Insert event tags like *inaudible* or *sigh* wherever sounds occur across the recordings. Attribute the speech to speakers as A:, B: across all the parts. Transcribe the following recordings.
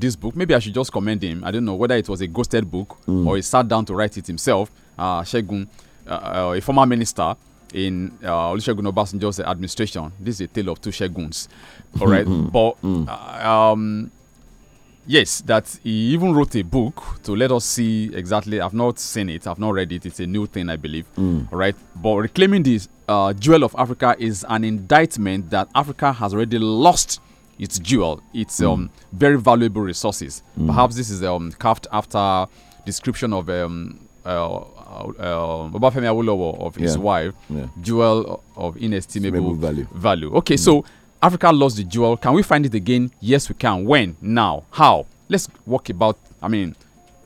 A: this book. Maybe I should just commend him. I don't know whether it was a ghosted book mm. or he sat down to write it himself. Uh, Shegun, uh, uh, a former minister in uh, Olusegun Obasanjo's administration. This is a tale of two Sheguns. All hmm, right, hmm, but hmm. Uh, um, yes, that he even wrote a book to let us see exactly. I've not seen it. I've not read it. It's a new thing, I believe. Mm. All right, but reclaiming this uh, jewel of Africa is an indictment that Africa has already lost its jewel, its mm. um, very valuable resources. Mm. Perhaps this is um, carved after description of um, uh, uh, um, Obafemi Awolowo of yeah. his wife, yeah. jewel of inestimable value. value. Okay, mm. so Africa lost the jewel. Can we find it again? Yes, we can. When? Now? How? Let's walk about. I mean,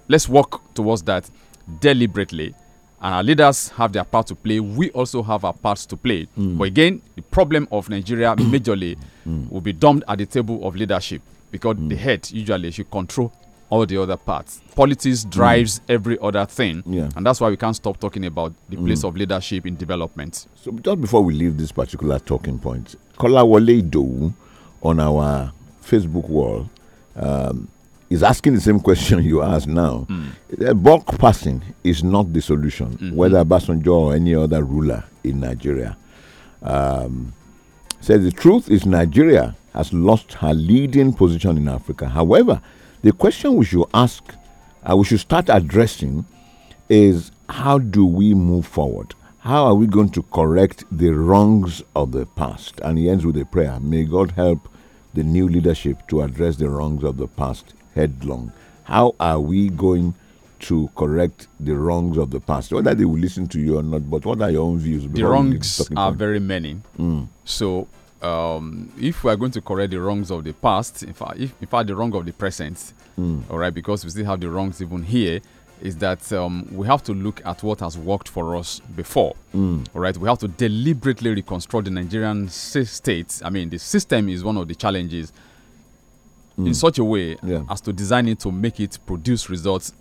A: let's walk towards that deliberately and our leaders have their part to play. We also have our parts to play. Mm. But again, the problem of Nigeria hmm. majorly mm. will be dumped at the table of leadership because mm. the head usually should control all the other parts. Politics hmm. drives every other thing. Yeah. And that's why we can't stop talking about the hmm. place of leadership in development.
B: So just before we leave this particular talking point, Kola Wale do on our Facebook wall um, is asking the same question you ask now. Mm. Bulk passing is not the solution, mm -hmm. whether Basanjo or any other ruler in Nigeria. Um, the truth is Nigeria has lost her leading position in Africa. However, the question we should ask, uh, we should start addressing, is how do we move forward? How are we going to correct the wrongs of the past? And he ends with a prayer. May God help the new leadership to address the wrongs of the past headlong. How are we going to correct the wrongs of the past? Whether they will listen to you or not, but what are your own views? The wrongs are
A: very many. Mm. So, um, if we are going to correct the wrongs of the past, in fact, if, in fact the wrong of the present, mm. all right, because we still have the wrongs even here, is that um, we have to look at what has worked for us before. Mm. All right, we have to deliberately reconstruct the Nigerian state. I mean, the system is one of the challenges mm. in such a way yeah. as to design it to make it produce results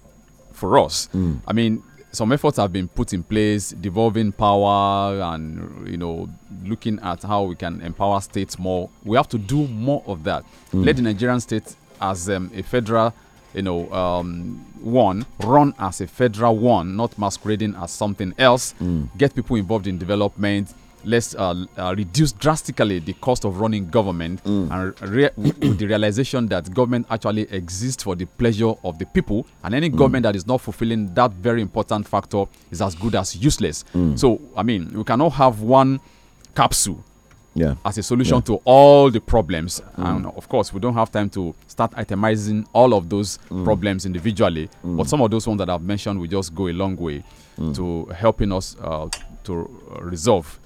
A: for us. Mm. I mean, some efforts have been put in place, devolving power and you know looking at how we can empower states more. We have to do more of that. Mm. Let the Nigerian state as um, a federal, you know, um, one run as a federal one, not masquerading as something else. Mm. Get people involved in development let's uh, uh, reduce drastically the cost of running government mm. and with the realization that government actually exists for the pleasure of the people and any mm. government that is not fulfilling that very important factor is as good as useless mm. so i mean we cannot have one capsule yeah. as a solution yeah. to all the problems. Mm. And of course, we don't have time to start itemizing all of those mm. problems individually. Mm. But some of those ones that I've mentioned will just go a long way mm. to helping us uh, to resolve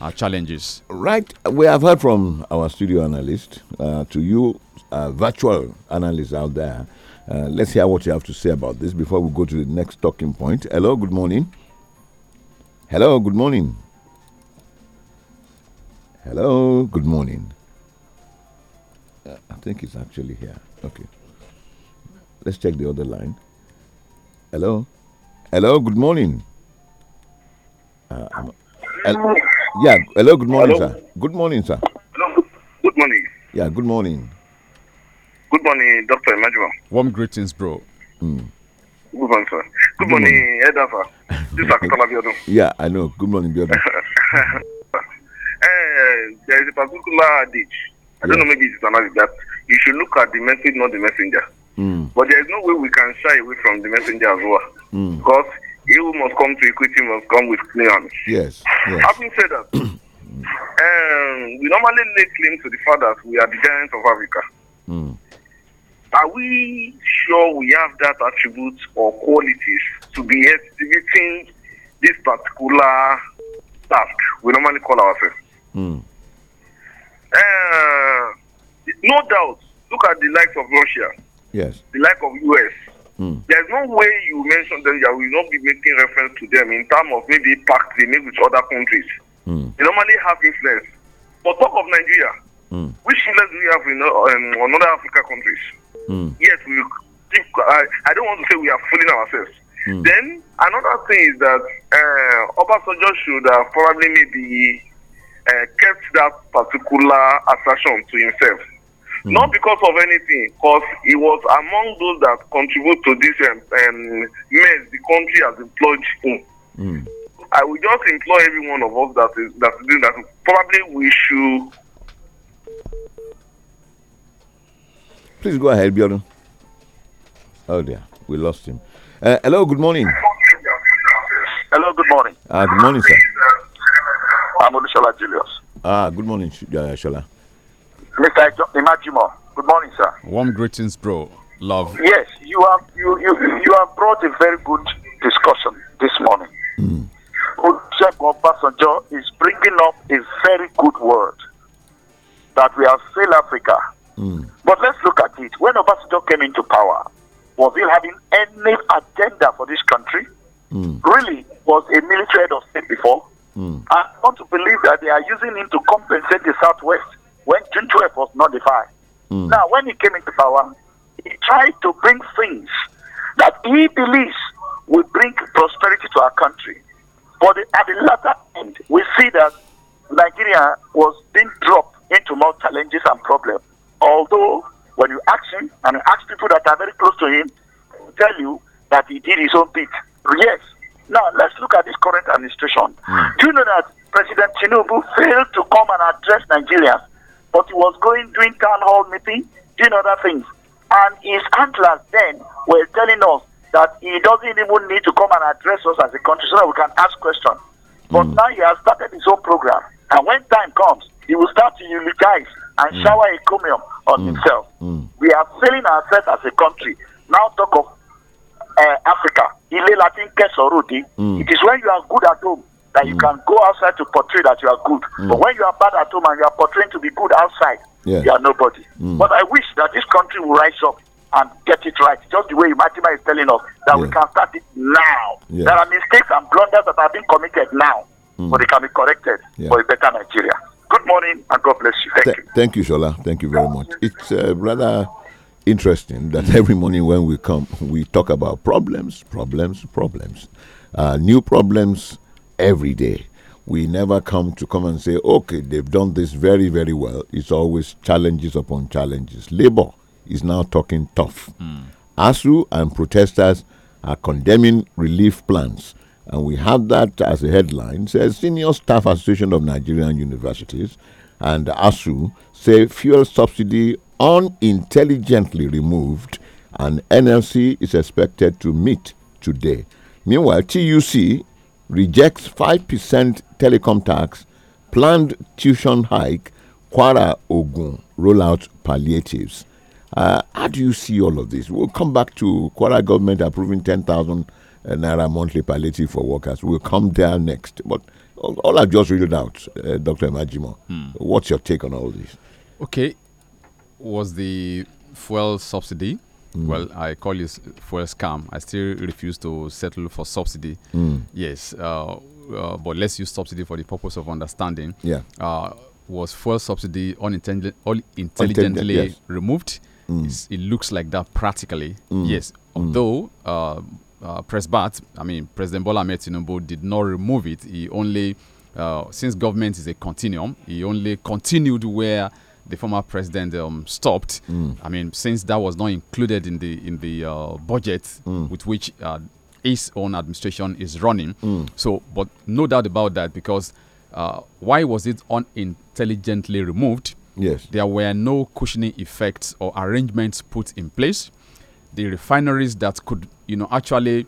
A: our challenges?
B: Right. We have heard from our studio analyst uh, to you, uh, virtual analysts out there. Uh, let's hear what you have to say about this before we go to the next talking point. Hello, good morning. Hello, good morning. Hello, good morning. Uh, I think it's actually here. Okay. Let's check the other line. Hello. Hello, good morning. Uh, Hello. Yeah. Hello. Good morning, Hello? sir. Good morning, sir. Hello. Good morning. Yeah. Good morning.
C: Good morning, Doctor Emmanuel.
B: Warm greetings, bro. Mm.
C: Good morning, sir. Good, good morning, Edafa. this
B: is *laughs* Yeah, I know. Good morning, Biodun. uh, *laughs*
C: eh, there is a particular adage. I yeah. don't know, maybe it's an adage that you should look at the message, not the messenger. Mm. But there is no way we can shy away from the messenger as well. Mm. Because you must come to equity, must come with clear hands. Yes, yes. Having said that, *clears throat* um, we normally lay claim to the fact that we are the giants of Africa. Mm. Are we sure we have that attribute or qualities to be executing this particular task we normally call ourselves? Mm. Uh, no doubt, look at the likes of Russia. Yes. The likes of US Mm. There's no way you mention them You will not be making reference to them in terms of maybe pact they make with other countries. Mm. They normally have influence. But talk of Nigeria. Mm. Which influence do we have in, um, on other African countries? Mm. Yes, we. I, I don't want to say we are fooling ourselves. Mm. Then another thing is that uh, Obasanjo should have probably maybe uh, kept that particular assertion to himself. Mm. Not because of anything, because he was among those that contribute to this um, um, mess the country has employed him. Mm. I will just implore every one of us that is that is doing that. Probably we should.
B: Please go ahead, Bjorn. Oh dear, we lost him. Uh, hello, good morning.
D: Hello, good morning.
B: Uh, good morning, sir.
D: I'm Olushola Julius.
B: Ah, good morning, Sh uh, Shola.
D: Mr. Imajimo. Good morning, sir.
B: Warm greetings, bro.
A: Love.
D: Yes, you have you you, you have brought a very good discussion this morning. Mm. Pastor Joe is bringing up a very good word that we have failed Africa. Mm. But let's look at it. When Obasanjo came into power, was he having any agenda for this country? Mm. Really, was a military head of state before? Mm. I want to believe that they are using him to compensate the Southwest when June 12 was notified. Mm. Now, when he came into power, he tried to bring things that he believes will bring prosperity to our country. But at the latter end, we see that Nigeria was being dropped into more challenges and problems. Although, when you ask him and you ask people that are very close to him, tell you that he did his own bit. Yes. Now, let's look at this current administration. Mm. Do you know that President Tinubu failed to come and address Nigerians but he was going doing town hall meeting, doing other things. And his antlers then were telling us that he doesn't even need to come and address us as a country so that we can ask questions. But mm. now he has started his own program. And when time comes, he will start to eulogize and mm. shower comium on mm. himself. Hmm. We are failing ourselves as a country. Now talk of uh, Africa. Ile Latin hmm. It is when you are good at home that you mm. can go outside to portray that you are good. But mm. when you are bad at home and you are portraying to be good outside, yeah. you are nobody. Mm. But I wish that this country will rise up and get it right, just the way Matima is telling us that yeah. we can start it now. Yeah. There are mistakes and blunders that are being committed now, mm. but they can be corrected yeah. for a better Nigeria. Good morning and
B: God bless you. Thank Th- you. Thank you, Shola. Thank you very much. It's uh, rather interesting that *laughs* every morning when we come, we talk about problems, problems, problems, uh, new problems every day. We never come to come and say, okay, they've done this very, very well. It's always challenges upon challenges. Labour is now talking tough. Mm. ASU and protesters are condemning relief plans. And we have that as a headline. It says Senior Staff Association of Nigerian Universities and ASU say fuel subsidy unintelligently removed and NLC is expected to meet today. Meanwhile, TUC rejects 5% telecom tax, planned tuition hike, Kwara Ogun rollout palliatives. Uh, how do you see all of this? We'll come back to Kwara government approving 10,000 naira monthly palliative for workers. We'll come there next. But all, I've just read out, uh, Dr. Imajimo, hmm. what's your take on all this?
A: Okay. Was the fuel subsidy Mm. Well, I call it for a scam. I still refuse to settle for subsidy. Mm. Yes, uh, uh, but let's use subsidy for the purpose of understanding. Yeah. Uh, was fuel subsidy unintentionally intelligently yes. removed? Mm. It looks like that practically. Mm. Yes. Mm. Although uh, uh, Press Bat, I mean President Bola Ahmed Tinubu did not remove it. He only, uh, since government is a continuum, he only continued where the former president um, stopped. Mm. I mean, since that was not included in the in the uh, budget mm. with which uh, his own administration is running. Mm. So, but no doubt about that, because uh, why was it unintelligently removed? Yes, there were no cushioning effects or arrangements put in place. The refineries that could, you know, actually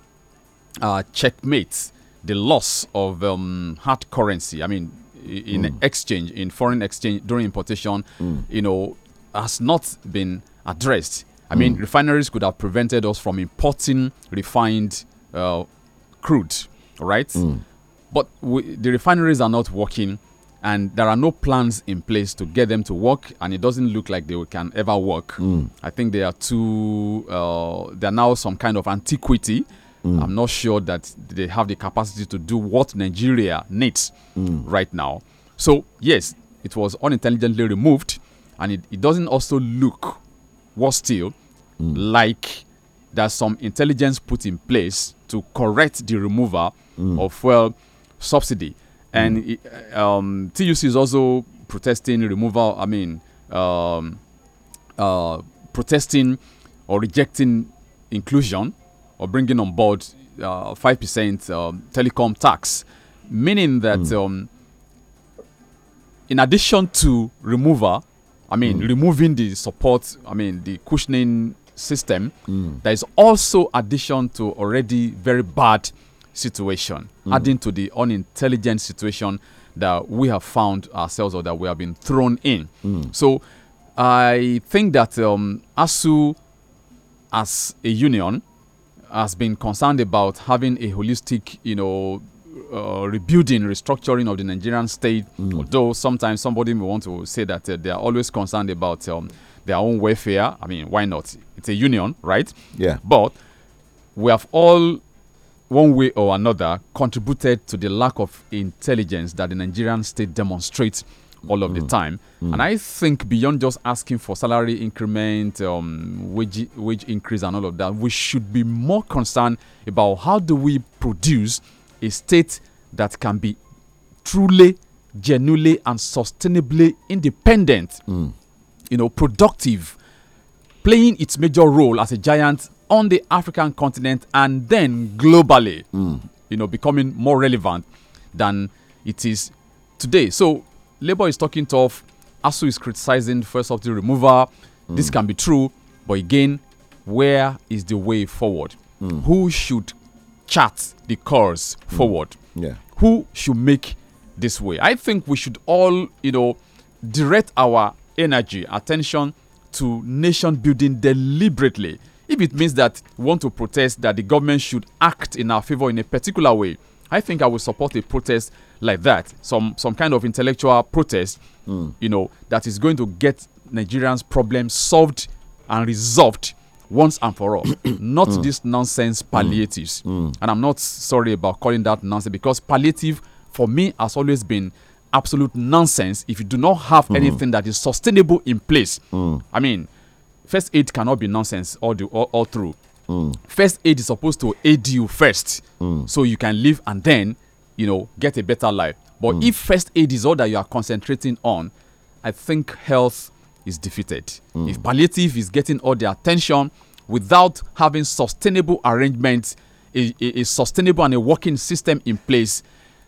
A: uh, checkmate the loss of um, hard currency. I mean, in mm. exchange, in foreign exchange during importation, mm. you know, has not been addressed. I mean, hmm. refineries could have prevented us from importing refined uh, crude, right? Hmm. But we, the refineries are not working, and there are no plans in place to get them to work, and it doesn't look like they can ever work. Hmm. I think they are too, uh, they are now some kind of antiquity Mm. I'm not sure that they have the capacity to do what Nigeria needs mm. right now. So, yes, it was unintelligently removed, and it, it doesn't also look, worse still, mm. like there's some intelligence put in place to correct the removal mm. of well subsidy. Mm. And it, um, TUC is also protesting removal, I mean, um, uh, protesting or rejecting inclusion or bringing on board uh, five percent um, telecom tax, meaning that mm. um, in addition to remover, I mean mm. removing the support, I mean the cushioning system, mm. there is also addition to already very bad situation, hmm. adding to the unintelligent situation that we have found ourselves or that we have been thrown in. Hmm. So I think that um, ASU as a union has been concerned about having a holistic, you know, uh, rebuilding, restructuring of the Nigerian state. Mm. Although sometimes somebody may want to say that uh, they are always concerned about um, their own welfare. I mean, why not? It's a union, right? Yeah. But we have all, one way or another, contributed to the lack of intelligence that the Nigerian state demonstrates all of mm. the time. Mm. And I think beyond just asking for salary increment, um, wage wage increase, and all of that, we should be more concerned about how do we produce a state that can be truly, genuinely, and sustainably independent. Mm. You know, productive, playing its major role as a giant on the African continent and then globally. Mm. You know, becoming more relevant than it is today. So Labour is talking tough. ASU is criticizing first of the removal. Mm. This hmm. can be true, but again, where is the way forward? Mm. Who should chart the course mm. forward? Yeah. Who should make this way? I think we should all, you know, direct our energy, attention to nation building deliberately. If it means that we want to protest that the government should act in our favor in a particular way, I think I will support a protest like that, some some kind of intellectual protest, mm. you know, that is going to get Nigerians' problems solved and resolved once and for all. *coughs* not mm. this nonsense hmm. palliatives. Mm. And I'm not sorry about calling that nonsense because palliative for me has always been absolute nonsense if you do not have mm. anything that is sustainable in place. Hmm. I mean, first aid cannot be nonsense all, the, all, all through. Mm. First aid is supposed to aid you first, mm. so you can live and then, you know, get a better life. But mm. if first aid is all that you are concentrating on, I think health is defeated. Mm. If palliative is getting all the attention without having sustainable arrangements, a, a, a sustainable and a working system in place,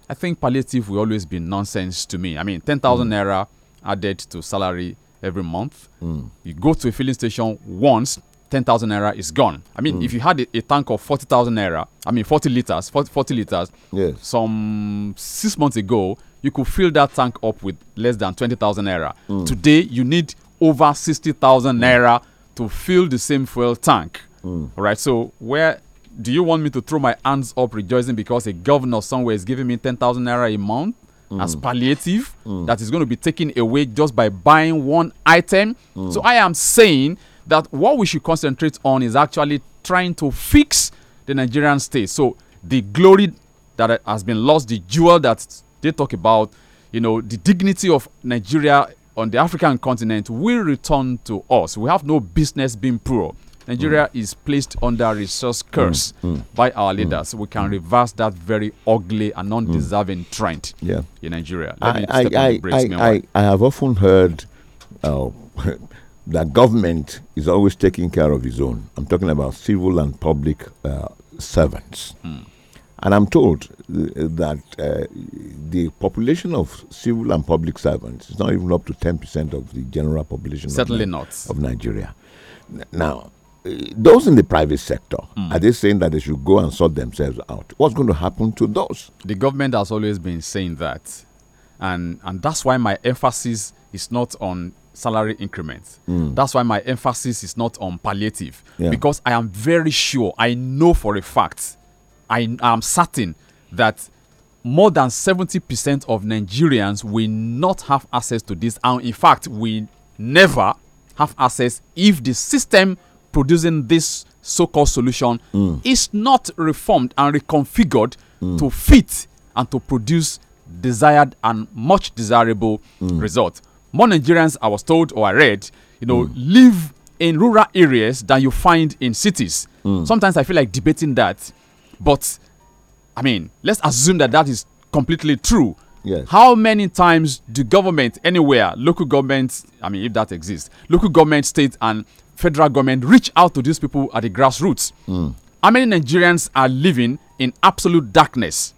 A: I think palliative will always be nonsense to me. I mean, 10,000 mm. naira added to salary every month. Mm. You go to a filling station once 10,000 naira is gone. I mean, mm. if you had a, a tank of 40,000 naira, I mean, 40 liters, 40, 40 liters, yes. some six months ago, you could fill that tank up with less than 20,000 naira. Mm. Today, you need over 60,000 hmm. naira to fill the same fuel tank. Mm. All right, so where do you want me to throw my hands up rejoicing because a governor somewhere is giving me 10,000 naira a month? as hmm. palliative mm. that is going to be taken away just by buying one item. Mm. So I am saying that what we should concentrate on is actually trying to fix the Nigerian state. So the glory that has been lost, the jewel that they talk about, you know, the dignity of Nigeria on the African continent will return to us. We have no business being poor. Nigeria mm. is placed under resource curse mm. mm. by our mm, leaders. We can mm. reverse that very ugly and undeserving trend yeah. in Nigeria. I I I, I, I,
B: I, have often heard uh, *laughs* that government is always taking care of his own. I'm talking about civil and public uh, servants. Mm. And I'm told th uh, that uh, the population of civil and public servants is not even up to 10% of the general population Certainly of, not. of Nigeria. Now, uh, those in the private sector mm. are they saying that they should go and sort themselves out what's going to happen to those
A: the government has always been saying that and and that's why my emphasis is not on salary increments. Mm. That's why my emphasis is not on palliative yeah. because I am very sure, I know for a fact, I am certain that more than 70% of Nigerians will not have access to this, and in fact, will never have access if the system producing this so called solution mm. is not reformed and reconfigured mm. to fit and to produce desired and much desirable mm. result more Nigerians, I was told or I read, you know, mm. live in rural areas than you find in cities. Mm. Sometimes I feel like debating that, but I mean, let's assume that that is completely true. Yes. How many times do government anywhere, local government, I mean, if that exists, local government, state, and federal government reach out to these people at the grassroots? Mm. How many Nigerians are living in absolute darkness?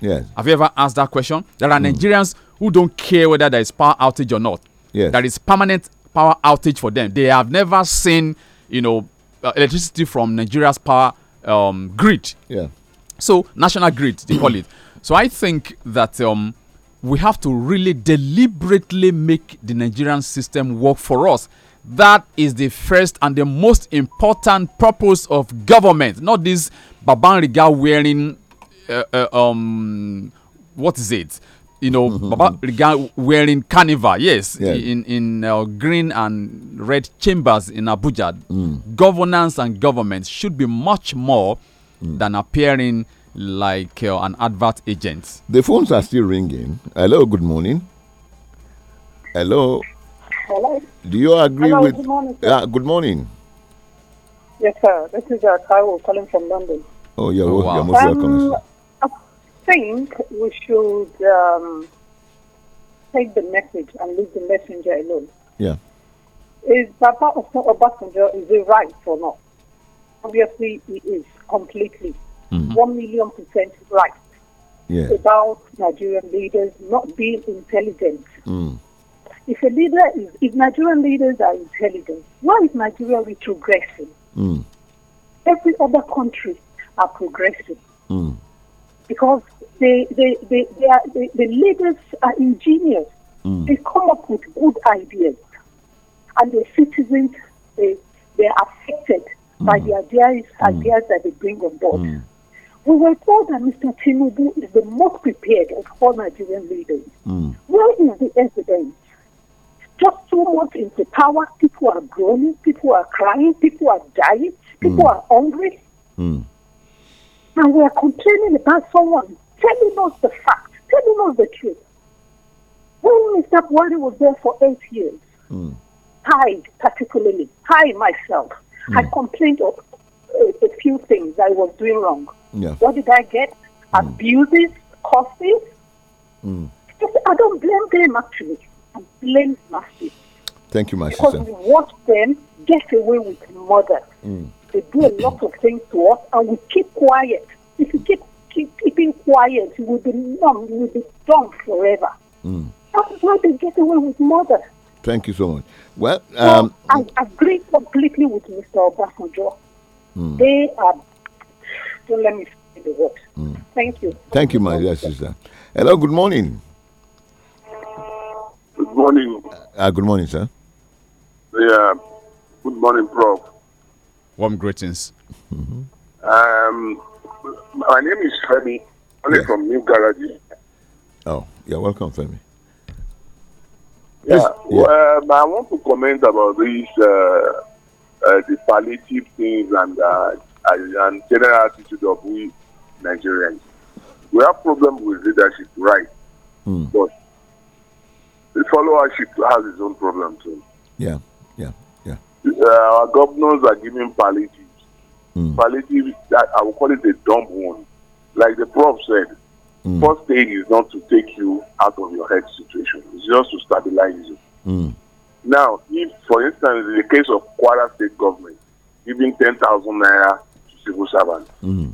A: Yes. Have you ever asked that question? There are mm. Nigerians who don't care whether there is power outage or not. Yes. There is permanent power outage for them. They have never seen, you know, uh, electricity from Nigeria's power um, grid. Yeah. So national grid they call it. *clears throat* So I think that um, we have to really deliberately make the Nigerian system work for us. That is the first and the most important purpose of government, not this Babangida wearing, uh, uh, um, what is it? you know, mm -hmm. Baba wearing carnival, yes, yeah. in in uh, green and red chambers in Abuja. Mm. Governance and government should be much more mm. than appearing like uh, an advert
B: agent. The phones are still ringing. Hello, good morning. Hello. Hello. Do you agree Hello, with? Good morning. Uh, good morning.
E: Yes, sir. This is uh, Kyle calling from London.
B: Oh, yeah, oh, wow. you're most um, welcome
E: think we should um, take the message and leave the messenger alone. Yeah. Is Baba Obasanjo, is he right or not? Obviously, he is completely. Mm-hmm. One million percent right. Yeah. About Nigerian leaders not being intelligent. Mm. If a leader is, if Nigerian leaders are intelligent, why is Nigeria retrogressing? Mm. Every other country are progressing. Mm. Because they, they, they, they are, they, the leaders are ingenious. Mm. They come up with good ideas. And the citizens, they, they are affected mm. by the ideas, mm. ideas that they bring on board. Mm. We were told that Mr. Tinubu is the most prepared of all Nigerian leaders. Mm. Where is the evidence? Just two months into power, people are groaning, people are crying, people are dying, people are hungry. And we are complaining about someone Telling us the fact, telling us the truth. When Mr. Buhari was there for eight years, mm. I particularly, I myself, mm. I complained of uh, a few things I was doing wrong. Yeah. What did I get? Mm. Abuses, curses. Mm. I don't blame them actually. I blame myself.
B: Thank you, my because sister.
E: Because we watch them get away with murder. Mm. They do a lot of things to us, and we keep quiet. If you keep keep, keeping quiet will be numb, will be dumb forever. Mm. That is why they get away with murder.
B: Thank you so much. Well, um,
E: so I agree completely with Mr. Obasanjo. Mm. They are. Don't let me say the word. Mm. Thank you.
B: Thank you, my dear sister. Hello, good morning.
F: Good morning.
B: Uh, uh good morning, sir.
F: Yeah. Good morning, Prof.
B: Warm greetings. Mm
F: -hmm. Um, my name is Femi. I'm yeah. from New Garage.
B: Oh, you're welcome, Femi. Yeah, yeah. Well,
F: um, I want to comment about these uh, uh, the palliative things and uh, and general attitude of we Nigerians. We have problem with leadership, right? Mm. But the followership has its own problem too. Yeah, yeah, yeah. Uh, our governors are giving palliative Mm. Palliative, I would call it a dumb wound. Like the prof said, mm. first aid is not to take you out of your head situation, it's just to stabilize you. Mm. Now, if, for instance, in the case of Kwara State government giving 10,000 naira to civil servants, mm.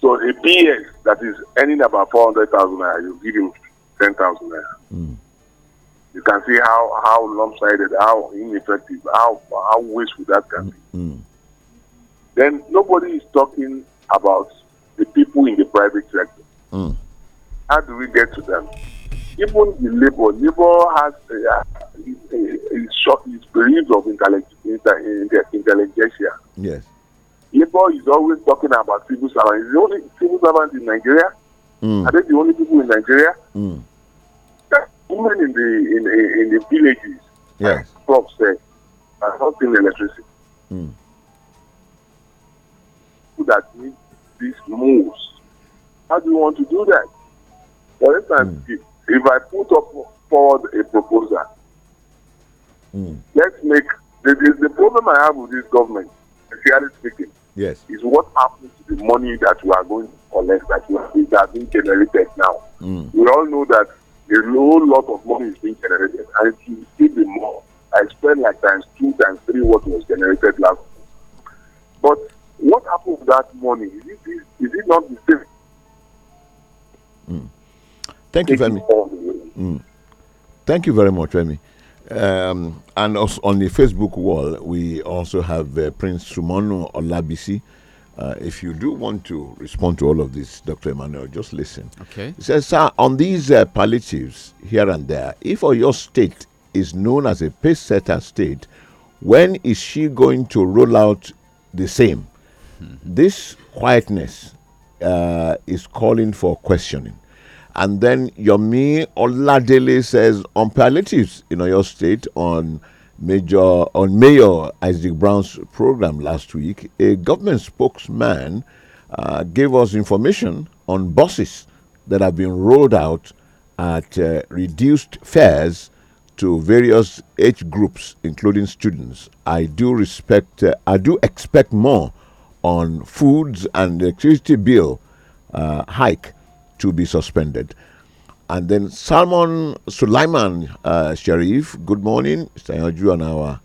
F: so a PS that is earning about 400,000 naira, you give him 10,000 naira mm. you can see how how lopsided, how ineffective, how how wasteful that can be. Mm, mm then nobody is talking about the people in the private sector. Mm. How do we get to them? Even the labor, labor has uh, uh is, is of intellect, intelligentsia. Yes. Labor is always talking about civil servants. The only civil servants in Nigeria. Mm. Are they the only people in Nigeria? Mm. Women in the in, in, in the villages, yes. crops there, are not in electricity. Mm people that need this moves. How do you want to do that? For instance, mm. if, if, I put up forward a proposal, mm. let's make the, the, the, problem I have with this government, fairly speaking,
B: yes, is what
F: happens to the money that we are going to collect that we are, that being generated now. Mm. We all know that a whole lot of money is being generated, and it will still be more. I spent like times two times three what was generated last. Year. But what happened with that money? Is it, is, is it not the same?
B: Mm. Thank you, Femi. Mm. Thank you very much, Femi. Um, and also on the Facebook wall, we also have uh, Prince Sumono Olabisi. Uh, if you do want to respond to all of this, Dr. Emmanuel, just listen. Okay. He says, Sir, on these uh, palliatives here and there, if your state is known as a pace setter state, when is she going to roll out the same? This quietness uh, is calling for questioning. And then Yomi Oladele says on palliatives in your State on Major on Mayor Isaac Brown's program last week, a government spokesman uh, gave us information on buses that have been rolled out at uh, reduced fares to various age groups, including students. I do respect, uh, I do expect more on foods and electricity bill uh, hike to be suspended. And then Salman Sulaiman uh, Sharif, good morning. Sanyoju and our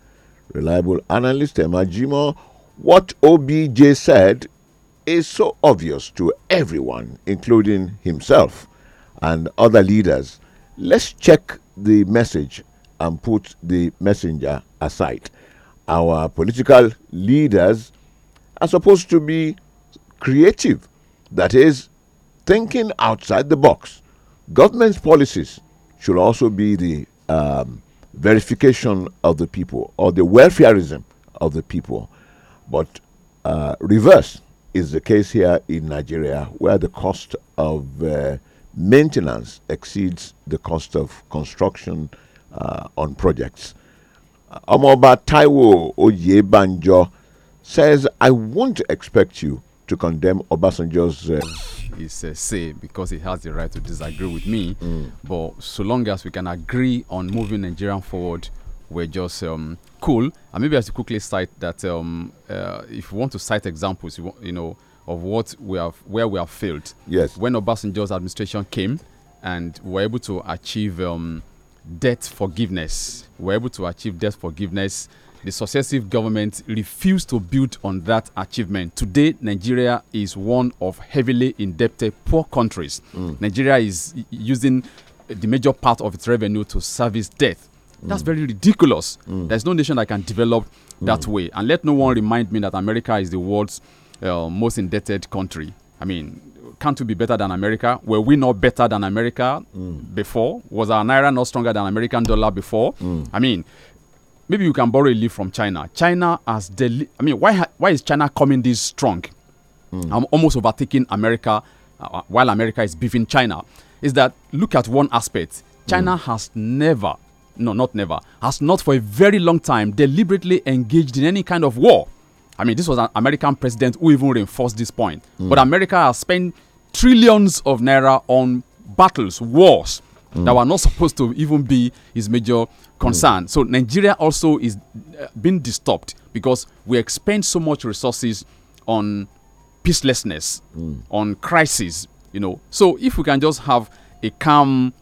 B: reliable analyst, Emma Jimo. What OBJ said is so obvious to everyone, including himself and other leaders. Let's check the message and put the messenger aside. Our political leaders are supposed to be creative, that is, thinking outside the box. Government's policies should also be the um, verification of the people or the welfareism of the people. But uh, reverse is the case here in Nigeria, where the cost of uh, maintenance exceeds the cost of construction uh, on projects. Omoba Taiwo Oyebanjo says, I won't expect you to condemn Obasanjo's. Uh, is uh, say
A: because he has the right to disagree with me. Mm. But so long as we can agree on moving Nigerian forward, we're just um, cool. And maybe I should quickly cite that um, uh, if you want to cite examples, you, want, you, know, of what we have where we have failed. Yes. When Obasanjo's administration came, and we were able to achieve um, debt forgiveness, we were able to achieve debt forgiveness the successive governments refused to build on that achievement. Today, Nigeria is one of heavily indebted poor countries. Mm. Nigeria is using the major part of its revenue to service debt. Mm. That's very ridiculous. Mm. There's no nation that can develop mm. that way. And let no one remind me that America is the world's uh, most indebted country. I mean, can't we be better than America? Were we not better than America mm. before? Was our naira not stronger than American dollar before? Mm. I mean, maybe you can borrow a leaf from China. China has deli- I mean, why why is China coming this strong? Mm. I'm almost overtaking America uh, uh, while America is beefing China. Is that look at one aspect? China mm. has never, no, not never, has not for a very long time deliberately engaged in any kind of war. I mean, this was an American president who even reinforced this point. Mm. But America has spent trillions of naira on battles, wars mm. that were not supposed to even be his major concern. Mm. So Nigeria also is uh, being disturbed because we expend so much resources on peacelessness, mm. on crisis, you know. So if we can just have a calm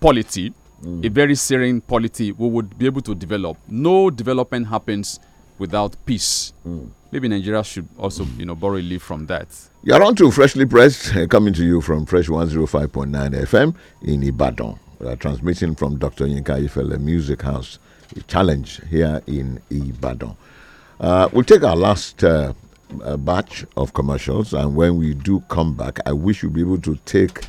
A: polity, mm. a very serene polity, we would be able to develop. No development happens without peace. Mm. Maybe Nigeria should also, you know, borrow a leaf from that.
B: You're on to Freshly Pressed, eh, coming to you from Fresh 105.9 FM in Ibadan. We are transmitting from Dr. Yinka Ifele Music House Challenge here in Ibadan. Uh, we'll take our last uh, uh, batch of commercials, and when we do come back, I wish you'd be able to take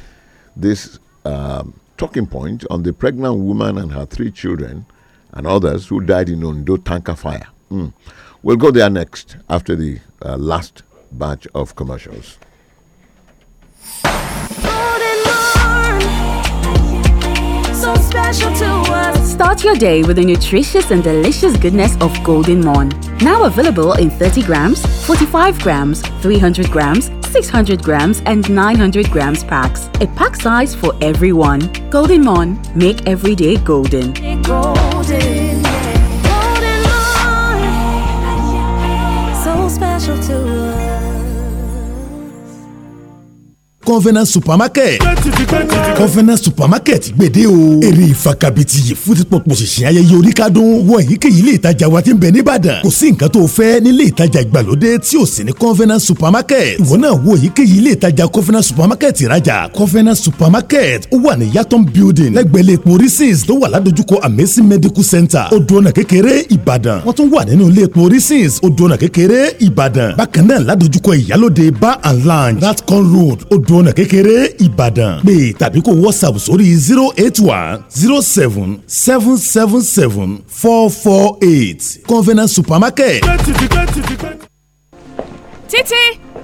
B: this um, talking point on the pregnant woman and her three children and others who died in Ondo tanker fire. Mm. We'll go there next after the uh, last batch of commercials.
G: Start your day with the nutritious and delicious goodness of Golden Morn. Now available in 30 grams, 45 grams, 300 grams, 600 grams, and 900 grams packs. A pack size for everyone. Golden Morn, make every day golden.
H: golden.
I: convenience supermarket. Covenant supermarket gbèdé o. èrè ìfakabiti yìí fún títpọ̀ pòṣìṣì ayẹyẹ oríkádún wọ èyíkéyìí ilé ìtajà wa tí ń bẹ nìbàdàn. kò sí nǹkan tó o fẹ́ nílé ìtajà ìgbàlódé tí ò sí ní Covenant supermarket. ìwọ náà wo èyíkéyìí ilé ìtajà Covenant supermarket ìrajà Covenant supermarket ó wà ní Yatton building lẹ́gbẹ̀lẹ́ epo Reese's tó wà ládojúkọ Amesi medical center odò ọ̀nà kékeré Ìbàdàn. wọ́n tún wà nínú ilé epo Reese's odò ọ̀nà kékeré Ìbàdàn. bákan náà ládojúkọ Ìyálóde bar and lounge Ratcon road odò ọ̀nà kékeré Ìbàdàn pay tàbí kó whatsapp sórí zero eight one zero seven seven seven seven four four eight convenience supermarket.
J: títí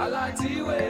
K: I like to way.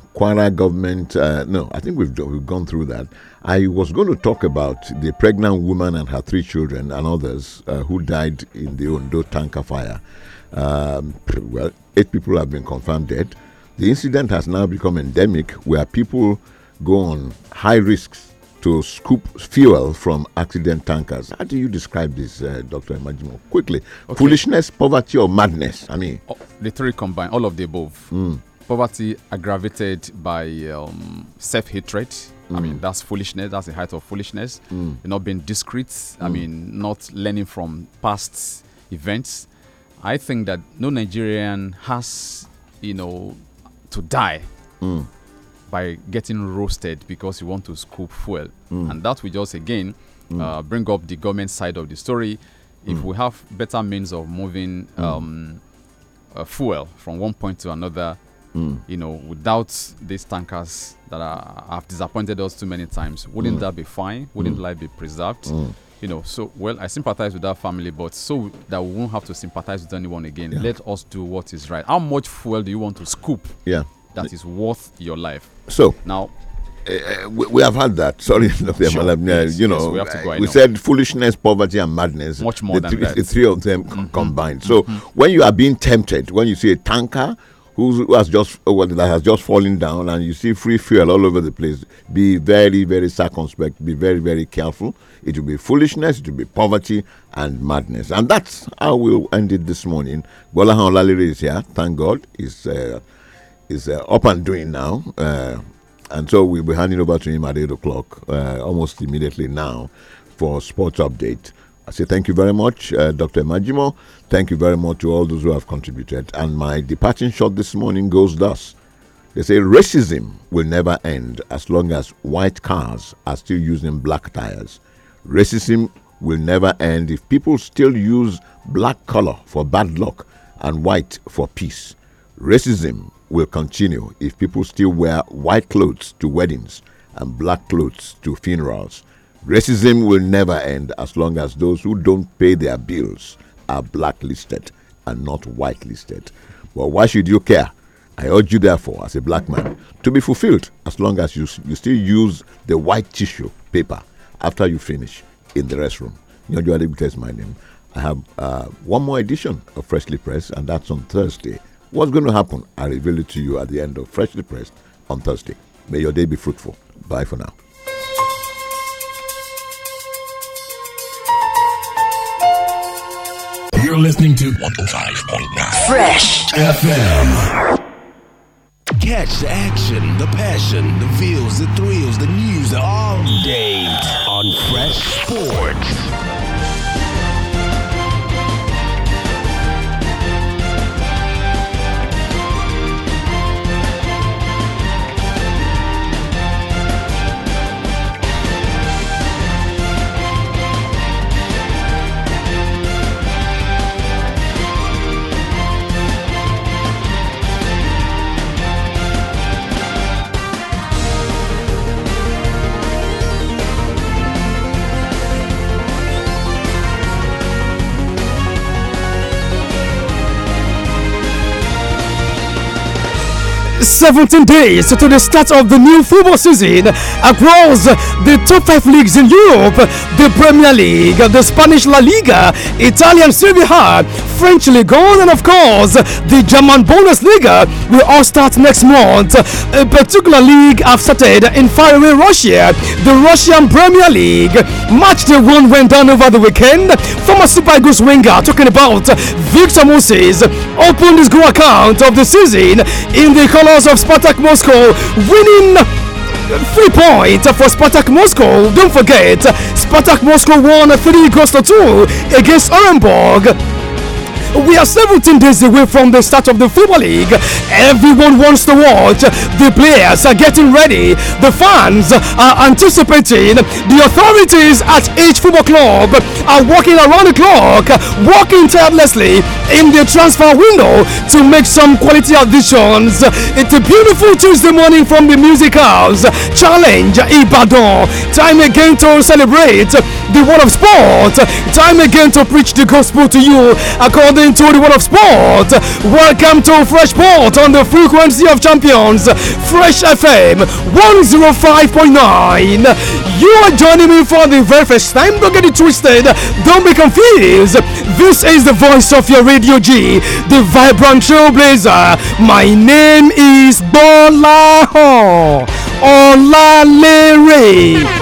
B: Kwara government. Uh, no, I think we've, we've gone through that. I was going to talk about the pregnant woman and her three children and others uh, who died in the Ondo tanker fire. Um, well, eight people have been confirmed dead. The incident has now become endemic where people go on high risks to scoop fuel from accident tankers. How do you describe this, uh, Dr. Imajimo? Quickly. Okay. Foolishness, poverty, or madness? I mean, oh,
A: the three combined, all of the above. Mm poverty aggravated by um, self hatred. Mm. I mean, mm. that's foolishness. That's the height of foolishness. Mm. not being discreet. Mm. I mean, not learning from past events. I think that no Nigerian has, you know, to die mm. by getting roasted because you want to scoop fuel. Mm. And that will just again uh, bring up the government side of the story. If we have better means of moving um, uh, fuel from one point to another, Mm. You know, without these tankers that are, have disappointed us too many times, wouldn't mm. that be fine? Wouldn't mm. life be preserved? Mm. You know, so well, I sympathize with that family, but so that we won't have to sympathize with anyone again, yeah. let us do what is right. How much fuel do you want to scoop? Yeah, that is worth your life. So now,
B: uh, we, we, have had that. *laughs* Sorry, Dr. Sure. Malab, yes, you know, yes, we, eh, we said foolishness, poverty, and madness. Much more the than th that. The three of them mm -hmm. combined. Mm-hmm. So mm -hmm. when you are being tempted, when you see a tanker, who has just oh, well, that has just fallen down, and you see free fuel all over the place. Be very, very circumspect. Be very, very careful. It will be foolishness. It will be poverty and madness. And that's how we'll end it this morning. Bolahan Olalere is here. Thank God, is uh, is uh, up and doing now. Uh, and so we'll be handing over to him at 8 o'clock, uh, almost immediately now, for sports update. I say thank you very much, uh, Dr. Majimo. Thank you very much to all those who have contributed. And my departing shot this morning goes thus. They say racism will never end as long as white cars are still using black tires. Racism will never end if people still use black color for bad luck and white for peace. Racism will continue if people still wear white clothes to weddings and black clothes to funerals. Racism will never end as long as those who don't pay their bills are blacklisted and not whitelisted. But why should you care? I urge you, therefore, as a black man, to be fulfilled as long as you, you still use the white tissue paper after you finish in the restroom. Nyonjo Adebute is my name. I have uh, one more edition of Freshly Pressed, and that's on Thursday. What's going to happen? I reveal it to you at the end of Freshly Pressed on Thursday. May your day be fruitful. Bye for now.
L: You're listening to 105.9 Fresh FM. Catch the action, the passion, the feels, the thrills, the news all day on Fresh Sports.
M: 17 days to the start of the new football season across the top five leagues in Europe the Premier League, the Spanish La Liga, Italian Serie A, French League on, and of course, the German Bundesliga will all start next month. A particular league have started in faraway Russia, the Russian Premier League. Match day one went down over the weekend. Former Super Eagles winger talking about Victor Moses opened his goal account of the season in the colors of Spartak Moscow, winning three points for Spartak Moscow. Don't forget, Spartak Moscow won three goals to two against Orenburg. We are 17 days away from the start of the Football League. Everyone wants to watch. The players are getting ready. The fans are anticipating. The authorities at each football club are working around the clock, working tirelessly in the transfer window to make some quality additions. It's a beautiful Tuesday morning from the Music House. Challenge Ibadan. Time again to celebrate the world of sport. Time again to preach the gospel to you according into the world of sport. Welcome to Fresh Sport on the frequency of champions, Fresh FM 105.9 you are joining me for the very first time, don't get it twisted, don't be confused. This is the voice of your Radio G, the vibrant trailblazer. My name is Bola Ho Olalere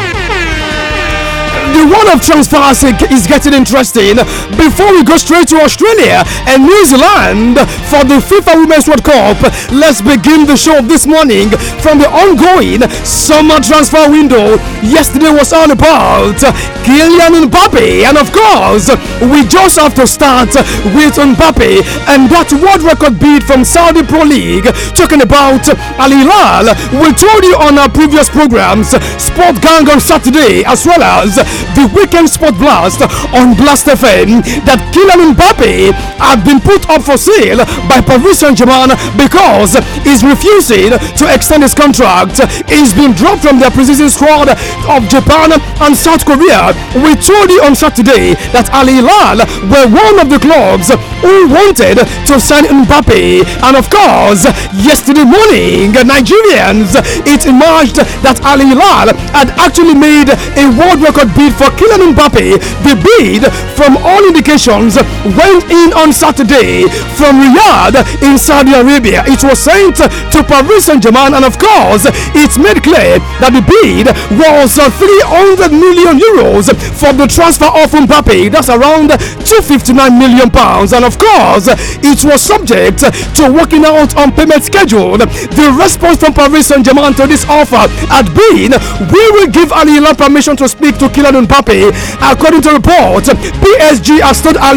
M: the world of transparency is getting interesting before we go straight to Australia and New Zealand for the FIFA Women's World Cup. Let's begin the show this morning from the ongoing summer transfer window. Yesterday was all about Kylian Mbappe, and of course, we just have to start with Mbappe and that world record bid from Saudi Pro League. Talking about Al Hilal, we told you on our previous programs, Sport Gang on Saturday, as well as the weekend sport blast on Blast FM that Kylian Mbappe had been put up for sale by Paris Saint-Germain because he's refusing to extend his contract. He's been dropped from their preseason squad of Japan and South Korea. We told you on Saturday that Al Hilal were one of the clubs who wanted to sign Mbappe, and of course, yesterday morning, Nigerians, it emerged that Al Hilal had actually made a world record bid for Kylian Mbappe, the bid, from all indications, went in on Saturday from Riyadh in Saudi Arabia. It was sent to Paris Saint Germain, and of course, it's made clear that the bid was 300 million euros for the transfer of Mbappe. That's around 259 million pounds, and of course, it was subject to working out on payment schedule. The response from Paris Saint Germain to this offer had been, "We will give Al permission to speak to Kylian." Mbappe. According to reports, PSG have stood Al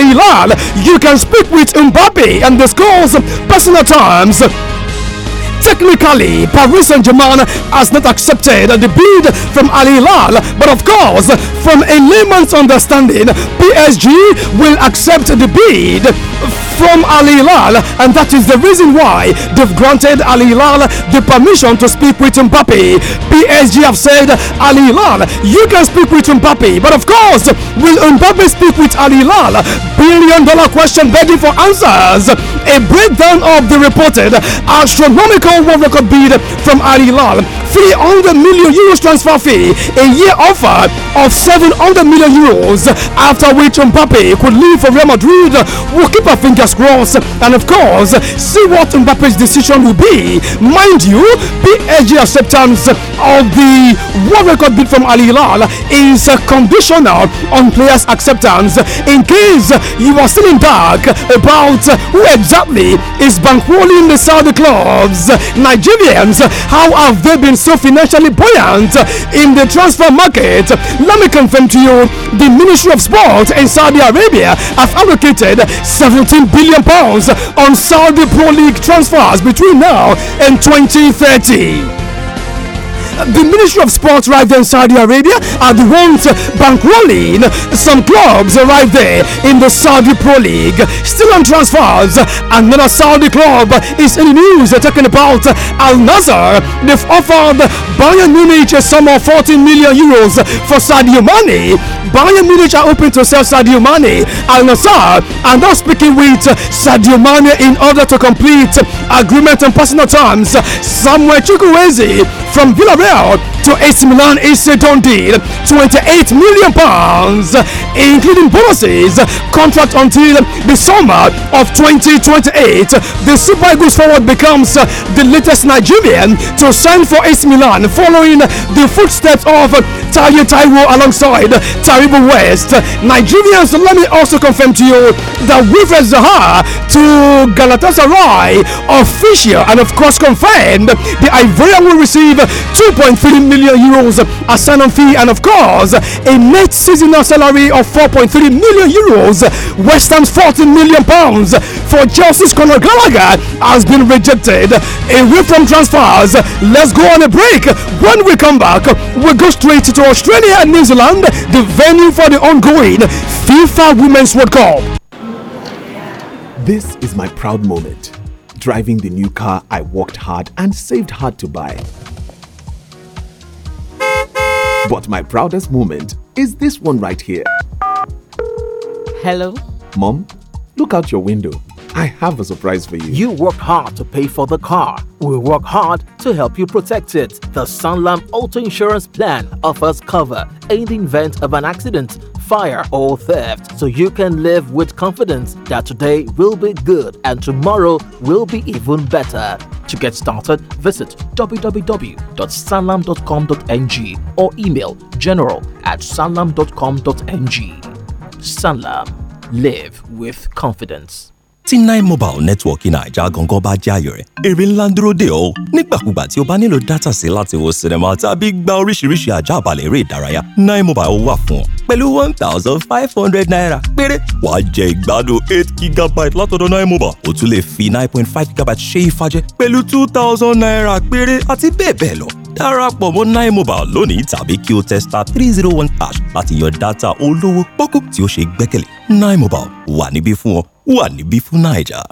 M: You can speak with Mbappe and discuss personal terms. Technically, Paris Saint-Germain has not accepted the bid from Ali Hilal, but of course, from a layman's understanding, PSG will accept the bid from Ali Hilal, and that is the reason why they've granted Ali Hilal the permission to speak with Mbappe. PSG have said, Ali Hilal, you can speak with Mbappe, but of course, will Mbappe speak with Ali Hilal? Billion dollar question begging for answers. A breakdown of the reported astronomical World Record bid from Ali Lal. 300 million euros transfer fee, a year offer of 700 million euros, after which Mbappe could leave for Real Madrid. We'll keep our fingers crossed and, of course, see what Mbappe's decision will be. Mind you, PSG acceptance of the world record bid from Ali Lal is conditional on players' acceptance. In case you are still in dark about who exactly is bankrolling the Saudi clubs, Nigerians, how have they been so financially buoyant in the transfer market? Let me confirm to you the Ministry of Sport in Saudi Arabia have allocated 17 billion pounds on Saudi Pro League transfers between now and 2030 the Ministry of Sports right there in Saudi Arabia are the ones bankrolling some clubs right there in the Saudi Pro League. Still on transfers, another Saudi club is in the news talking about Al Nazar. They've offered Bayern Munich a sum of 14 million euros for Sadio Mane. Bayern Munich are open to sell Sadio Mane. Al Nazar are now speaking with Sadio Mane in order to complete agreement on personal terms. Samuel Chukwueze from Villarreal sell to AC Milan is AC deal. 28 million pounds, including bonuses. Contract until the summer of 2028. The Super Eagles forward becomes the latest Nigerian to sign for AC Milan, following the footsteps of Tayo Taiwo alongside Taribo West. Nigerians, let me also confirm to you that Wilfred Zaha to Galatasaray official and of course confirmed the Ivorian will receive two 3.3 million euros as sign-on fee and of course a net seasonal salary of 4.3 million euros. West Ham's 14 million pounds for Chelsea's Conor Gallagher has been rejected. Away from transfers, let's go on a break. When we come back, we'll go straight to Australia and New Zealand, the venue for the ongoing FIFA Women's World Cup.
N: This is my proud moment. Driving the new car I worked hard and saved hard to buy but my proudest moment is this one right here. Hello? Mom, look out your window. I have a surprise for you. You worked hard to pay for the car. We work hard to help you protect it. The Sunlam Auto Insurance Plan offers cover in the event of an accident fire or theft so you can live with confidence that today will be good and tomorrow will be even better. To get started, visit www.sanlam.com.ng or email general at sanlam.com.ng. Sanlam. Live with confidence.
O: tí nine mobile network naija gangan bá jáyọ rẹ èrè ńlá ń dúró dè ọ́ nígbàkúgbà tí o bá nílò dátà sí láti wo sinimá tàbí gba oríṣiríṣi àjàbalẹ̀ eré ìdárayá nine mobile wà fún ọ pẹ̀lú one thousand five hundred naira péré wàá jẹ ìgbádùn eight gigabyte látọ̀dọ̀ nine mobile o tún lè fi nine point five gigabyte ṣe ìfàjẹ pẹ̀lú two thousand naira péré àti bẹ́ẹ̀ bẹ́ẹ̀ lọ darapọ̀ mọ́ nine mobile lónìí tàbí kí o tẹ star three zero one hash láti yan dátà olówó pọ́kú tí o ṣe gbẹ́kẹ̀lé nine mobile wà níbí fún ọ Wàlíbífún Naija.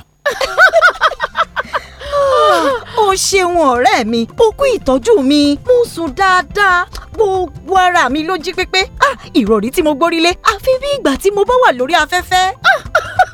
G: ó *laughs* ṣeun ọ̀rẹ́ mi ó kú ìtọ́jú mi mo sùn dáadáa gbogbo ara mi ló jí pépé ah, ìrọ̀rí tí mo gbórí lé àfi bí ìgbà tí mo bá wà lórí afẹ́fẹ́. Ah, *laughs*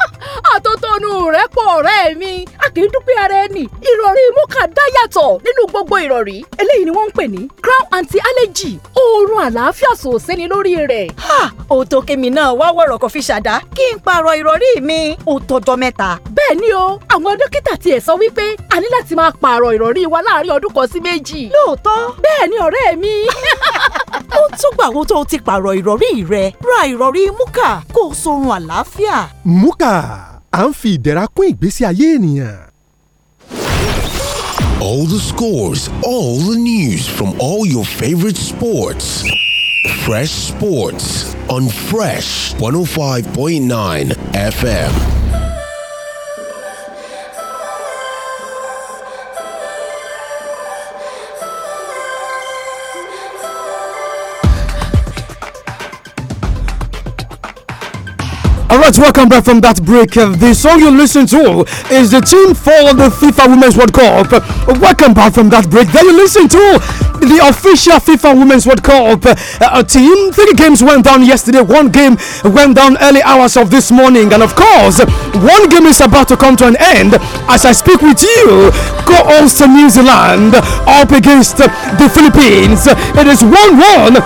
G: àtótónu rẹ̀ pọ̀ ọ̀rẹ́ mi a kì í dúpẹ́ ara ẹni ìrọ̀rí imú kà dá yàtọ̀ nínú gbogbo ìrọ̀rí eléyìí ni wọ́n ń pè ní crown anti allergy oorun àlàáfíà sòsẹ́ni lórí rẹ̀. ha òótọ́ kèmi náà wá wọ̀rọ̀ kò fi ṣàdá kí n pààrọ̀ ìrọ̀rí mi ó tọjọ́ mẹ́ta. bẹ́ẹ̀ ni o àwọn dókítà tiẹ̀ sọ wípé a ní láti máa pààrọ̀ ìrọ̀rí wa láàárín ọdún kan sí méjì. lóòótọ́ bẹ́ẹ̀ ni ọ̀rẹ́ mi. ó tún gbà wo tó ti pààrọ̀ ìrọ̀rí rẹ ra ìrọ̀rí múkà kó o sorun àlàáfíà.
I: múkà à ń fi ìdẹ̀ra kún ìgbésí ayé ènìyàn. All the scores, all the news from all your favorite sports. Fresh Sports on Fresh
K: 105.9 FM.
M: right, welcome back from that break. Uh, the song you listen to is the team for the FIFA Women's World Cup. Welcome back from that break. Then you listen to the official FIFA Women's World Cup uh, team. Three games went down yesterday. One game went down early hours of this morning, and of course, one game is about to come to an end. As I speak with you, on to New Zealand up against the Philippines. It is one-one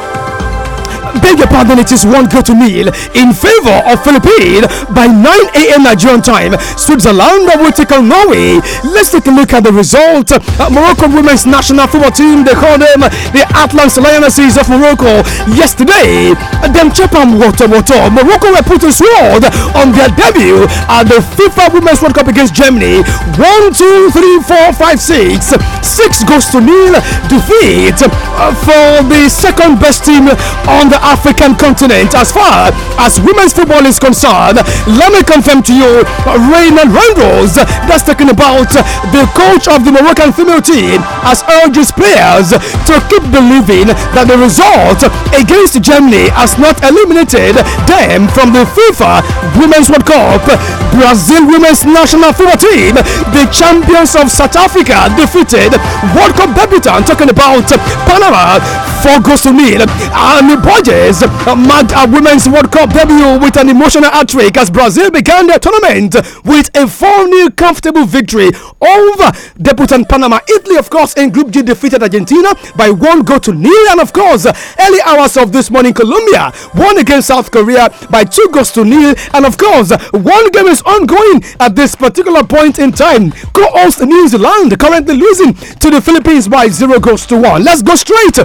M: beg your pardon, it is one goal to nil in favor of Philippines by 9 a.m. Nigerian time. Switzerland will take on Norway. Let's take a look at the result. Uh, Morocco women's national football team, they call them the Atlas Lionesses of Morocco. Yesterday, them Chapam water water. Morocco were put to sword on their debut at the FIFA Women's World Cup against Germany. One, two, three, four, five, six. Six goals to nil defeat uh, for the second best team on the African continent as far as women's football is concerned. Let me confirm to you, Raymond Randalls, that's talking about the coach of the Moroccan female team, has urged his players to keep believing that the result against Germany has not eliminated them from the FIFA Women's World Cup. Brazil women's national football team, the champions of South Africa, defeated World Cup debutant, talking about Panama, for goals to nil. And the Stages marked a Women's World Cup debut with an emotional hat trick as Brazil began their tournament with a 4 new comfortable victory over debutant Panama. Italy, of course, in Group G defeated Argentina by one goal to nil. And of course, early hours of this morning, Colombia won against South Korea by two goals to nil. And of course, one game is ongoing at this particular point in time. Co host New Zealand currently losing to the Philippines by zero goals to one. Let's go straight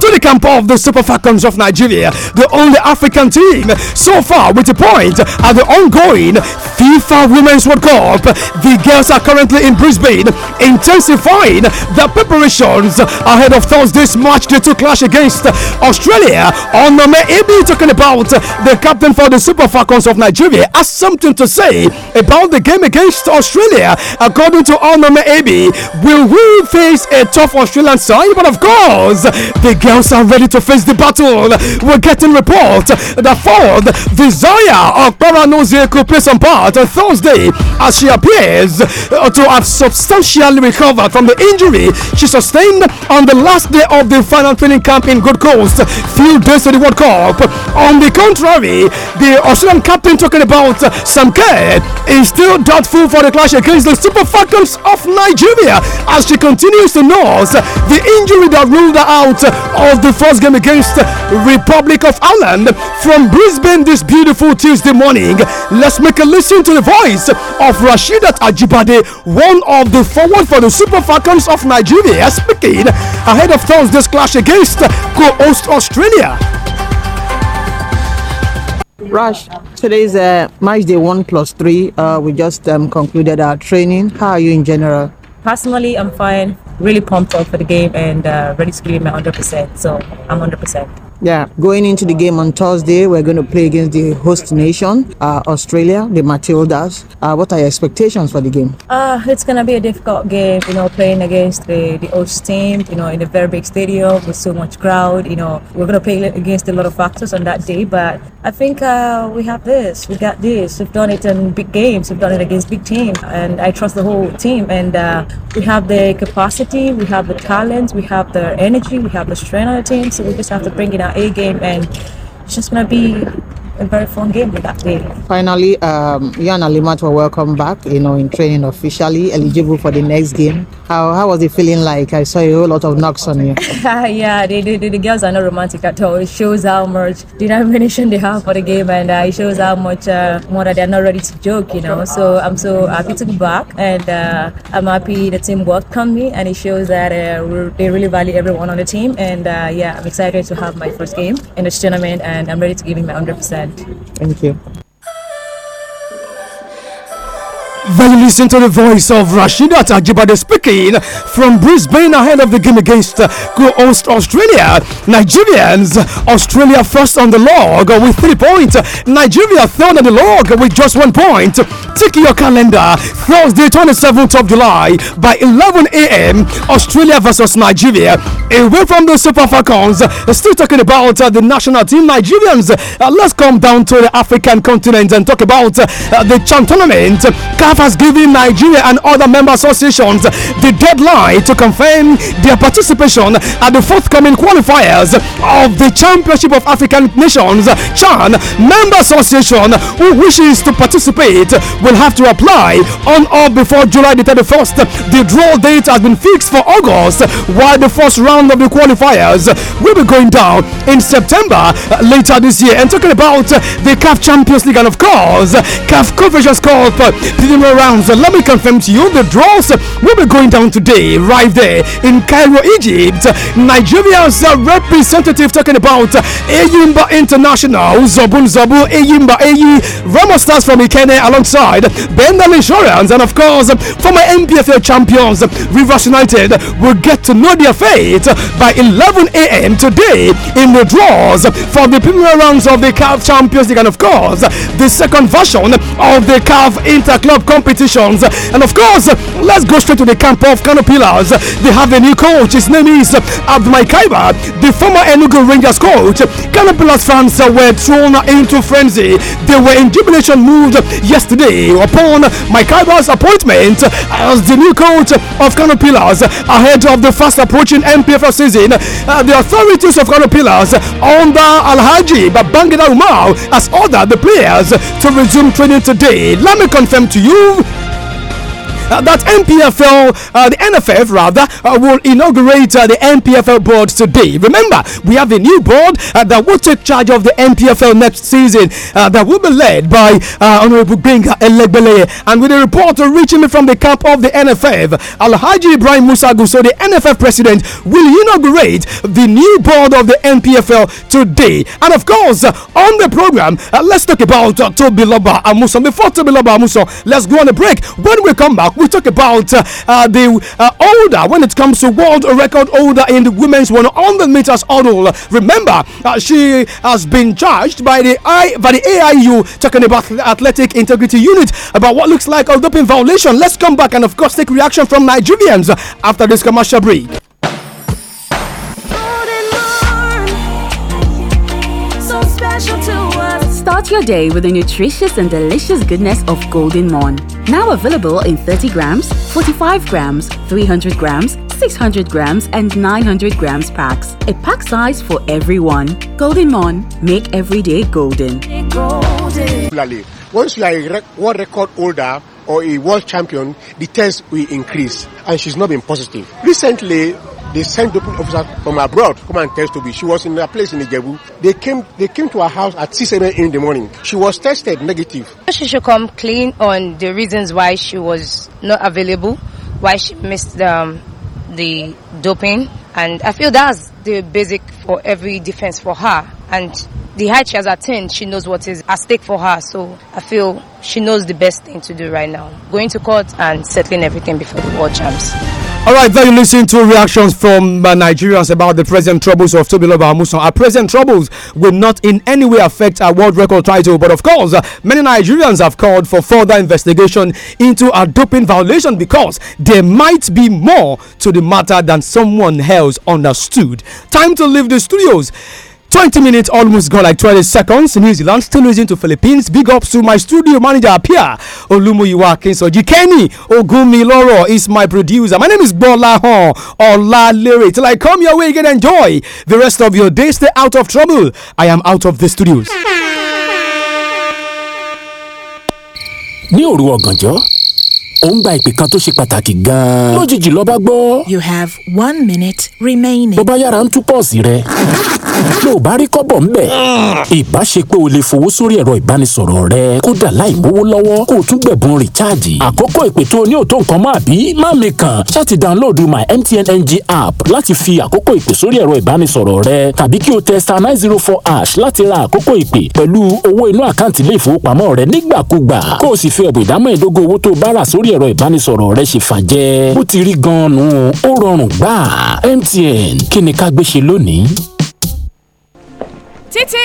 M: to the camp of the Super Falcons of Nigeria, the only African team so far with a point at the ongoing FIFA Women's World Cup. The girls are currently in Brisbane, intensifying their preparations ahead of Thursday's match to clash against Australia. On Onome Ebi talking about the captain for the Super Falcons of Nigeria has something to say about the game against Australia. According to Onome Abi, will we face a tough Australian side? But of course, the Girls are ready to face the battle. We're getting report that Ford Desire of Nozie could play some part on Thursday as she appears to have substantially recovered from the injury she sustained on the last day of the final training camp in Good Coast, few days of the World Cup. On the contrary, the Australian captain talking about Sam Kerr is still doubtful for the clash against the Super Falcons of Nigeria as she continues to nurse the injury that ruled her out of the first game against Republic of Ireland from Brisbane this beautiful Tuesday morning. Let's make a listen to the voice of Rashidat Ajibade, one of the forward for the Super Falcons of Nigeria, speaking ahead of Thursday's clash against co-host Australia.
N: Rash, today's uh, match day one plus three. Uh, we just um, concluded our training. How are you in general?
J: personally, I'm fine. Really pumped up for the game and uh, ready to give my 100%. So I'm 100%.
N: Yeah, going into the game on Thursday, we're going to play against the host nation, uh, Australia, the Matildas. Uh, what are your expectations for the game?
J: Uh, it's going to be a difficult game, you know, playing against the, the host team, you know, in a very big stadium with so much crowd. You know, we're going to play against a lot of factors on that day, but I think uh, we have this, we got this. We've done it in big games, we've done it against big teams, and I trust the whole team. And uh, we have the capacity, we have the talent, we have the energy, we have the strength on the team, so we just have to bring it out our A game, and it's just going to be a very fun game with that day.
N: Finally, um, you and Alimat were welcome back, you know, in training officially, eligible for the next game. How, how was it feeling like? I saw a whole lot of knocks on you. *laughs*
J: yeah, the, the, the, girls are not romantic at all. It shows how much determination they have for the game and uh, it shows how much uh, more that they're not ready to joke, you know. So I'm so happy to be back and uh, I'm happy the team worked on me and it shows that uh, they really value everyone on the team. And uh, yeah, I'm excited to have my first game in this tournament and I'm ready to give him my 100%
M: thank you then listen to the voice of Rashida Ajibade speaking from Brisbane ahead of the game against co-host uh, Australia. Nigerians, Australia first on the log with three points. Nigeria third on the log with just one point. Tick your calendar. Thursday, 27th of July by 11 a.m. Australia versus Nigeria. Away from the Super Falcons. Still talking about uh, the national team Nigerians. Uh, let's come down to the African continent and talk about the CHAN tournament has given Nigeria and other member associations the deadline to confirm their participation at the forthcoming qualifiers of the Championship of African Nations. CHAN member association who wishes to participate will have to apply on or before July the 31st. The draw date has been fixed for August, while the first round of the qualifiers will be going down in September uh, later this year. And talking about the CAF Champions League and of course CAF Confederations Cup, uh, rounds. Let me confirm to you the draws will be going down today, right there in Cairo, Egypt. Nigeria's representative talking about Ayumba International, Zobun Zobu, Ayumba AE. Ramos Stars from Ikene alongside Bendel Insurance, and of course, former MPFL champions Rivers United will get to know their fate by 11 a.m. today in the draws for the premier rounds of the CAF Champions League and, of course, the second version of the CAF Interclub competitions. And of course, let's go straight to the camp of Canopilas. They have a new coach. His name is Abdumai Kaiba, the former Enugu Rangers coach. Canopilas fans were thrown into frenzy. They were in jubilation mood yesterday upon Maikaiba's appointment as the new coach of Canopilas ahead of the fast approaching MPFL season. Uh, the authorities of Canopilas under Alhaji Babangida Umar has ordered the players to resume training today. Let me confirm to you move! Uh, that MPFL, uh, the NFF rather, uh, will inaugurate the MPFL board today. Remember, we have a new board that will take charge of the MPFL next season that will be led by Honorable Benga Elegbele. And with a report reaching me from the camp of the NFF, Alhaji Ibrahim Musagu, so the NFF president, will inaugurate the new board of the MPFL today. And of course, on the program, let's talk about uh, Toby Loba Amuso. Before Toby Loba Amuso, let's go on a break. When we come back, we talk about uh, uh the uh, when it comes to world record older in the women's 100 meters hurdle. Remember, uh, she has been charged by the I by the AIU talking about athletic integrity unit about what looks like a doping violation. Let's come back and of course take reaction from Nigerians after this commercial break.
G: Start your day with the nutritious and delicious goodness of Golden Morn. Now available in 30 grams, 45 grams, 300 grams, 600 grams, and 900 grams packs. A pack size for everyone. Golden Morn, make every day golden.
I: golden. Once you are a one record holder, or a world champion, the test will increase. And she's not been positive. Recently, they sent doping officer from abroad come and test be. She was in a place in Ijebu. They came, they came to her house at 6 a.m. in the
P: morning. She was tested negative.
G: She should come clean on the reasons why she was not available, why she missed um, the doping. And I feel that's the basic for every defense for her and the height she has attained, she knows what is at stake for her. So I feel she knows the best thing to do right now going to court and settling everything before the world champs.
M: All right, there you listen to reactions from uh, Nigerians about the present troubles of Tobiloba Amusan. Our present troubles will not in any way affect our world record title, but of course, uh, many Nigerians have called for further investigation into a doping violation because there might be more to the matter than someone else understood. Time to leave the studios. 20 minutes almost gone, like 20 seconds. New Zealand still losing to Philippines. Big ups to my studio manager, Pia Olumuyiwa Kinso. Jikeni Ogumiloro is my producer. My name is Bola Hon Olalere. Till I come your way again, enjoy the rest of your day. Stay out of trouble. I am out of the studios. ní òru ọ̀gànjọ́ ó ń gba
G: ìpè kan tó ṣe pàtàkì gan-an. lójijì ló bá gbọ́. you have one minute remaining. bó bá yára ń tú pọ́ọ̀sì
I: rẹ ló bá rí kọ́bọ̀ ńbẹ̀. ìbá ṣe pé o lè fowó sórí ẹ̀rọ ìbánisọ̀rọ̀ rẹ kódà láì mówó lọ́wọ́ kó o tún gbẹ̀bùn rìchaàjì. àkókò ìpè tó ní òótọ́ nǹkan mọ́ àbí má mi kàn ṣáàtì download my MTN NG app láti fi àkókò ìpè sórí ẹ̀rọ ìbánisọ̀rọ̀ rẹ tàbí kí o tẹ star nine zero four ash láti ra àkókò ìpè pẹ̀lú owó inú àkáǹtì ilé ìfowópamọ́ rẹ nígbàkúgbà kó o sì fi ẹ̀bùn ìdámọ̀ ìdógó owó sórí ẹ̀rọ ìbánisọ̀rọ̀ rẹ ṣe fàjẹ́
K: bó ti rí gan ó rọrùn gbà MTN kí ni
I: ká gbé ṣe lónìí.
J: títí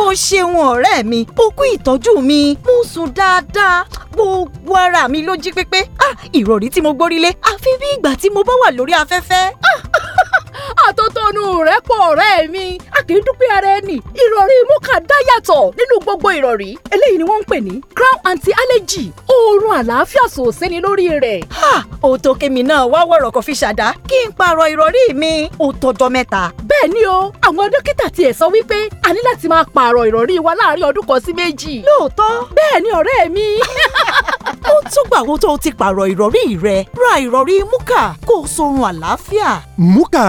G: o *laughs* ṣeun ọ̀rẹ́ mi o kú ìtọ́jú mi mo sùn dáadáa gbogbo ara mi ló jí pépé ah ìrọ̀rí tí mo gbórí lé àfi bí ìgbà tí mo bá wà lórí afẹ́fẹ́ ah àtótónu rẹ́pọ̀ ọ̀rẹ́ mi a kì í dúpẹ́ ara ẹni ìrọ̀rí múkà dá yàtọ̀ nínú gbogbo ìrọ̀rí eléyìí ni wọ́n ń pè ní crown anti allergy oorun àlàáfíà sòséni lórí rẹ̀. ó tó kémi náà wá wọ̀rọ̀ kò fi ṣàdá kí n pààrọ̀ ìrọ̀rí mi ó tọjọ́ mẹ́ta. bẹ́ẹ̀ ni o àwọn dókítà tiẹ̀ sọ wípé a ní láti máa pààrọ̀ ìrọ̀rí wa láàrin ọdún kan sí méjì. lóòótọ́ bẹ́ẹ̀ ni ọ̀rẹ́ mi. *laughs* ó tún gbà wo tó ti pààrọ̀ ìrọ̀rí rẹ̀ ra ìrọ̀rí múkà kó o sorun àlàáfíà.
I: múkà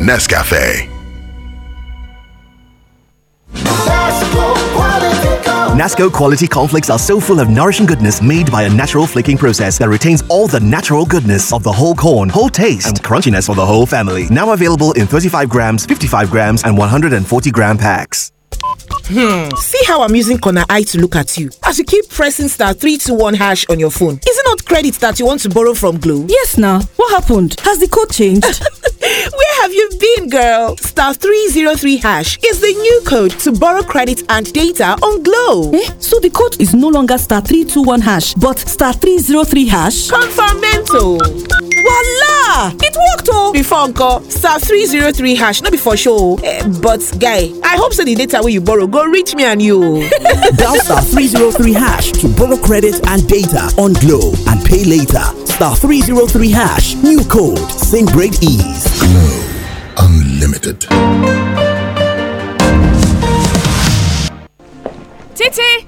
I: Nescafe.
O: Nasco quality conflicts are so full of nourishing goodness made by a natural flaking process that retains all the natural goodness of the whole corn, whole taste, and crunchiness for the whole family. Now available in 35 grams, 55 grams, and 140 gram packs.
G: Hmm. See how I'm using Corner Eye to look at you as you keep pressing star 321 hash on your phone. Is it not credit that you want to borrow from Glue? Yes, now. What happened? Has the code changed? *laughs* Where have you been, girl? Star 303 hash is the new code to borrow credit and data on Glow. Eh? So the code is no longer star 321 hash, but star 303 hash? Confirmento. Voila! It worked, oh! Before call. star 303 hash, not before show. Oh. Eh, but, guy, I hope so the data where you borrow go reach me and you. Oh.
O: *laughs* Dial star 303 hash to borrow credit and data on Glow and pay later. Star 303 hash, new code, same great ease. Glow Unlimited.
J: Titi!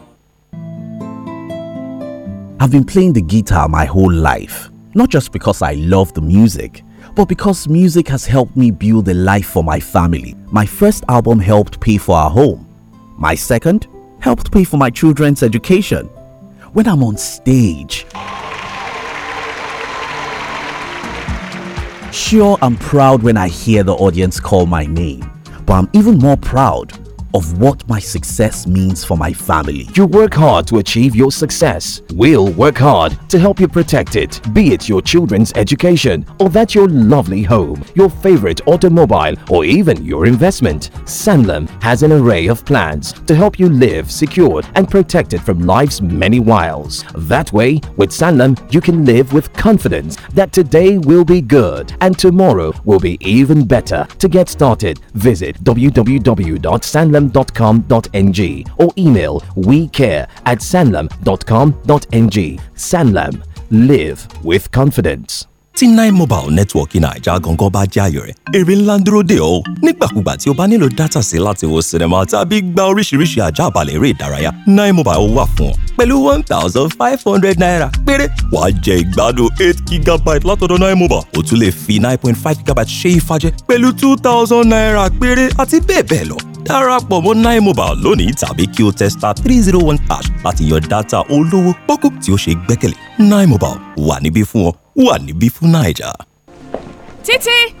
O: I've been playing the guitar my whole life, not just because I love the music, but because music has helped me build a life for my family. My first album helped pay for our home. My second helped pay for my children's education. When I'm on stage, sure, I'm proud when I hear the audience call my name, but I'm even more proud of what my success means for my family. You work hard to achieve your success. We'll work hard to help you protect it, be it your children's education or that your lovely home, your favorite automobile, or even your investment. Sanlam has an array of plans to help you live secured and protected from life's many wiles. That way, with Sanlam, you can live with confidence that today will be good and tomorrow will be even better. To get started, visit www.sanlam.com sanlam.com.ng or email we care at sanlam.com.ng. Sanlam, live with confidence. tí nine mobile network naija gangan bá jẹ́ àyò rẹ̀ èrè ńlá ń dúró dè ọ́ nígbàkúgbà tí o bá nílò dátà sí láti wo sinimá tàbí gba oríṣiríṣi àjàbalẹ̀ eré ìdárayá nine mobile wà fún ọ pẹ̀lú one thousand five hundred naira péré wàá jẹ ìgbádùn eight gigabyte látọ̀dọ̀ nine mobile o tún lè fi nine point five gigabyte ṣe ìfàjẹ pẹ̀lú two thousand naira péré àti bẹ́ẹ̀ bẹ́ẹ̀ lọ darapọ̀ mọ́ nine mobile lónìí tàbí kí o tẹ star three zero one hash láti yan dátà olówó pọ́kú tí o ṣe gbẹ́kẹ̀lé nine mobile wà níbí fún ọ wà níbí fún naija.
J: títí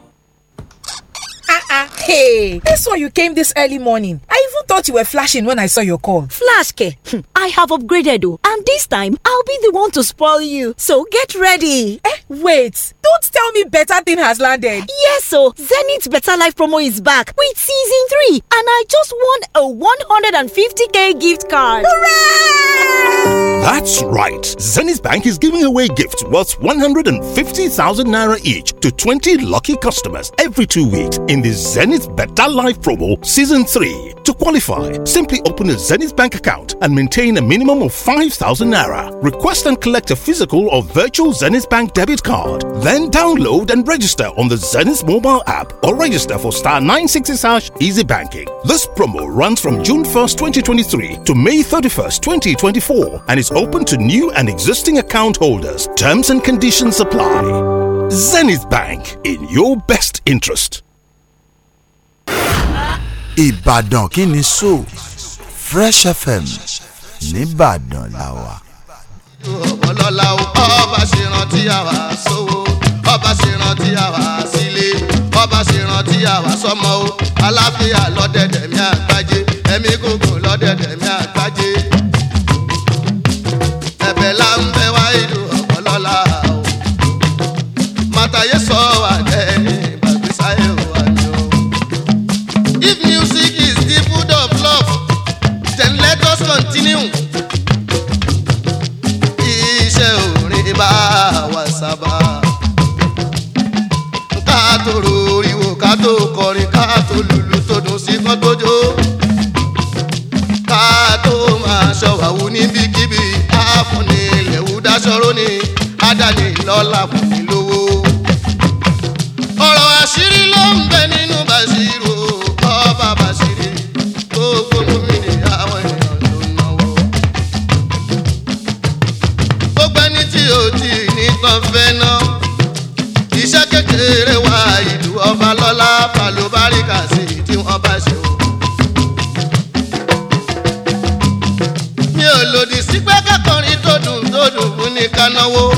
G: ah, *laughs* Hey, that's why you came this early morning. I even thought you were flashing when I saw your call. Flash, Ke. Hmm, I have upgraded, oh, and this time I'll be the one to spoil you. So get ready. Eh, wait. Don't tell me better thing has landed. Yes, so Zenith Better Life promo is back with season 3, and I just won a 150k gift card. Hooray!
L: That's right. Zenith Bank is giving away gifts worth
I: 150,000 naira each to 20 lucky customers every two weeks in in the Zenith Better Life promo season 3. To qualify, simply open a Zenith Bank account and maintain a minimum of 5,000 naira. Request and collect a physical or virtual Zenith Bank debit card. Then download and register on the Zenith mobile app or register for star 960 easy banking. This promo runs from June 1st, 2023 to May
L: 31st, 2024 and is open to new and existing account holders. Terms and conditions apply. Zenith Bank in your best interest.
N: Ìbàdàn kí ni so Fresh FM nìbàdàn la wà.
Q: ọ̀pọ̀lọ́lá ọba ṣe rántí àwa sówó ọba ṣe rántí àwa sílé ọba ṣe rántí àwa sọmọ o aláfíà lọ́dẹ̀dẹ̀ mi àgbájé ẹ̀mí gògùn lọ́dẹ̀dẹ̀ mi àgbájé. sábà. ká tó roríwò ká tó kọrin ká tó lùlù tó dùn sí kán tó jó. ká tó máa ṣọwàwù níbikíbi á fún ni ilẹ̀wù dáṣọ́rọ́ ni á dání lọ́la fún lówó. ọ̀rọ̀ àṣírí ló ń bẹ nínú bàṣírí. kanáwó.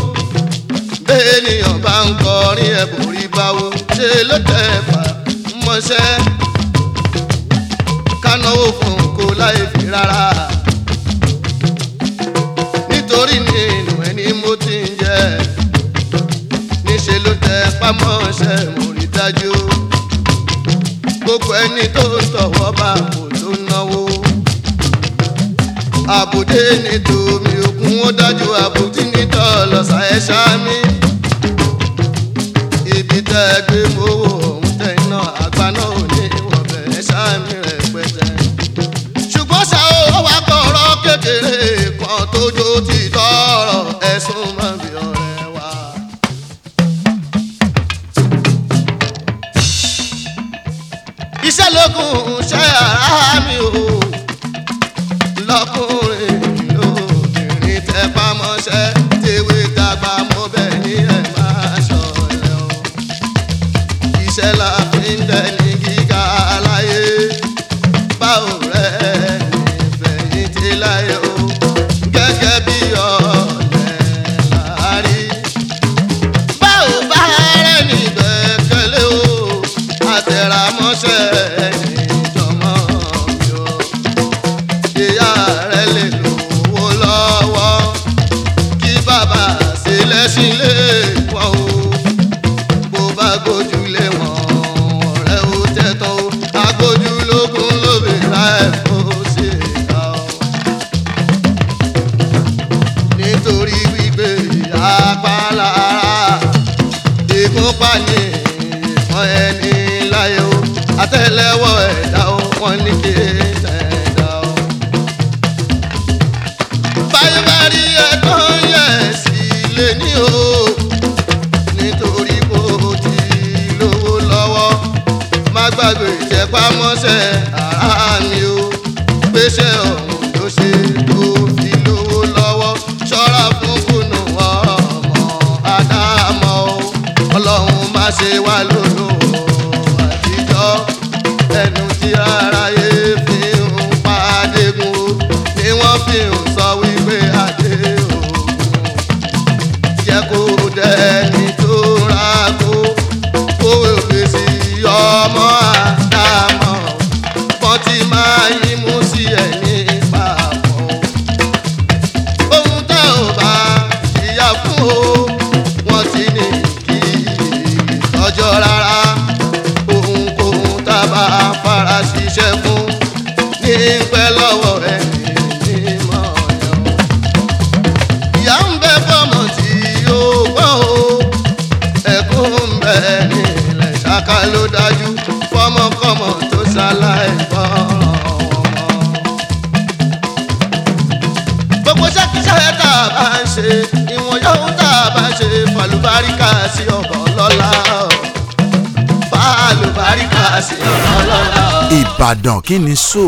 N: ìkànnì so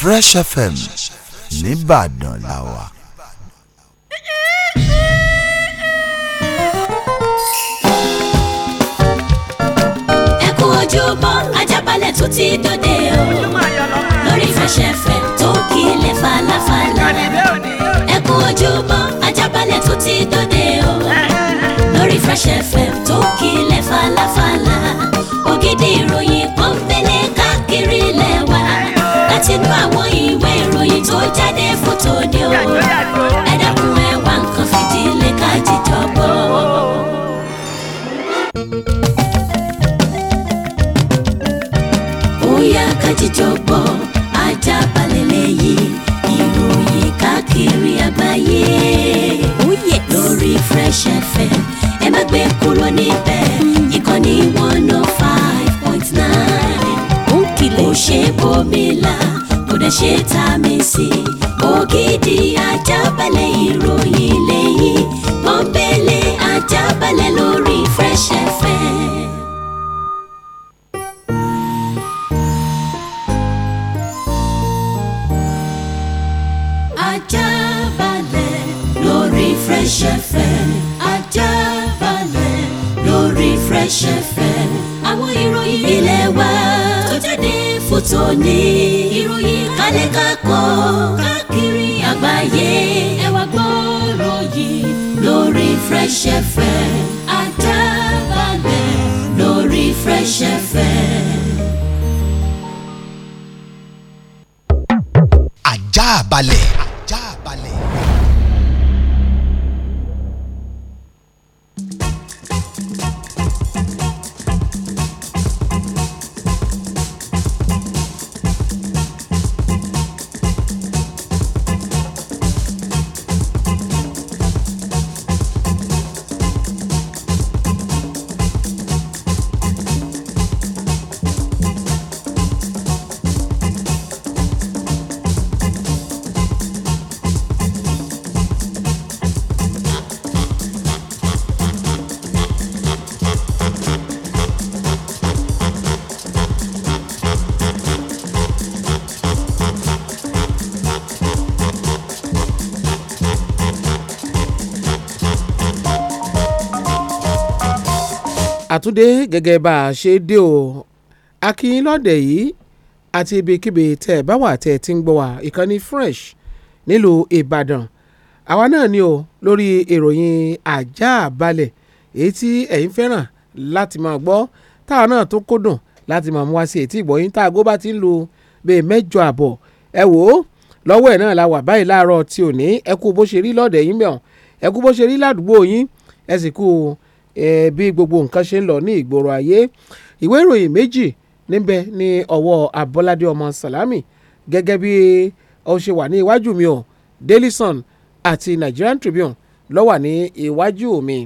N: Fresh FM nìbàdàn la wà.
R: ẹ kú ojúbọ ajábalẹ̀ tó ti dòde o lórí Fresh FM tó kílẹ̀ falafala ẹ kú ojúbọ ajábalẹ̀ tó ti dòde o lórí Fresh FM tó kílẹ̀ falafala ògidì ìròyìn kan látinú àwọn ìwé ìròyìn tó jáde fótó ni o ẹ dákun ẹ wá nǹkan fìdílé ká jíjọ gbọ́. bóyá ká jíjọ gbọ́ ajá balẹ̀ lẹ́yìn ìròyìn káàkiri àgbáyé oh, lórí Fresh FM ẹ má gbé kúrò níbẹ̀ ìkànnì one oh five point nine ó ṣe bómi ṣe ta mi sí ògidì ajábalẹ̀ ìròyìn lẹ́yìn pọ́npẹ́lẹ́ ajábalẹ̀ lórí Fresh Ajábalẹ̀ lórí Fresh ajábalẹ̀ lórí Fresh àwọn ìròyìn ilé wa jáde fótó ní ìròyìn kálẹ̀ kákọ́ káàkiri àgbáyé ẹ wá gbọ́rọ̀ yìí lórí Fresh FM Ajaabale lórí Fresh FM.
K: Ajaabale.
P: àtúndé gẹ́gẹ́ bá a ṣe dé o akínyìn lọ́dẹ̀ yìí àti ibikíbi tẹ́ ẹ bá wà tẹ́ ẹ ti ń gbọ́ wá ìkànnì fresh nílùú ìbàdàn àwa náà ni o lórí ìròyìn ajá balẹ̀ èyí tí ẹ̀yin fẹ́ràn láti máa gbọ́ táwa náà tó kódùn láti máa mú wá sí ètí ìgbọ̀yìn tá aago bá ti ń lu bẹ́ẹ̀ mẹ́jọ àbọ̀ ẹ wò ó lọ́wọ́ ẹ̀ náà la wà báyìí láàárọ̀ tí ò ní ẹ kú bó ṣe rí lọ́dẹ̀ yín bẹ̀rùn ẹ kú bó ṣe rí ládùúgbò yín ẹ sì kú o bí gbogbo nǹkan ṣe ń lọ ní ìgboro ayé ìwé ìròyìn méjì níbẹ̀ ní ọwọ́ Abọ́ládé ọmọ Sàlámì gẹ́gẹ́ bí ó ṣe wà ní iwájú mi o Daily Sun àti Nigerian Tribune ló wà ní iwájú mi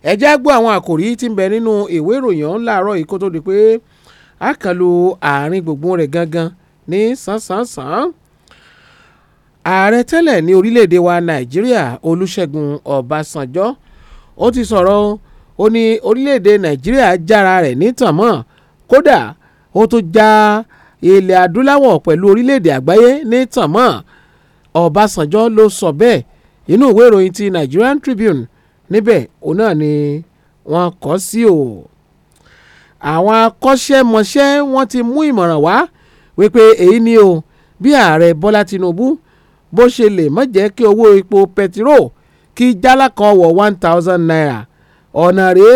P: ẹ já gbọ́ àwọn àkòrí tí ń bẹ nínú ìwé ìròyìn ọ̀hún láàárọ̀ yìí kó tó di pé àkànlò àárín gbùngbùn rẹ̀ gangan ní sánsánsán ààrẹ tẹ́lẹ̀ ní orílẹ̀-èdè wa Nàìjíríà Olúṣẹ́gun Ọbásanjọ́ ó ti sọ̀rọ̀ ó ní orílẹ̀-èdè nàìjíríà jára rẹ̀ nítànmọ́ kódà ó tún já ilẹ̀ adúláwọ̀ pẹ̀lú orílẹ̀-èdè àgbáyé nítànmọ́ ọ̀básanjọ́ ló sọ bẹ́ẹ̀ inú ìwé ìròyìn ti Nigerian Tribune níbẹ̀ òun náà ni wọ́n kọ sí o àwọn akọ́ṣẹ́mọṣẹ́ wọ́n ti mú ìmọ̀ràn wá wípé èyí ni o bí ààrẹ Bọ́lá Tinubu bó ṣe lè má jẹ́ kí owó epo pẹtiró kí jálá kan wọ̀ one thousand naira ọ̀nà rèé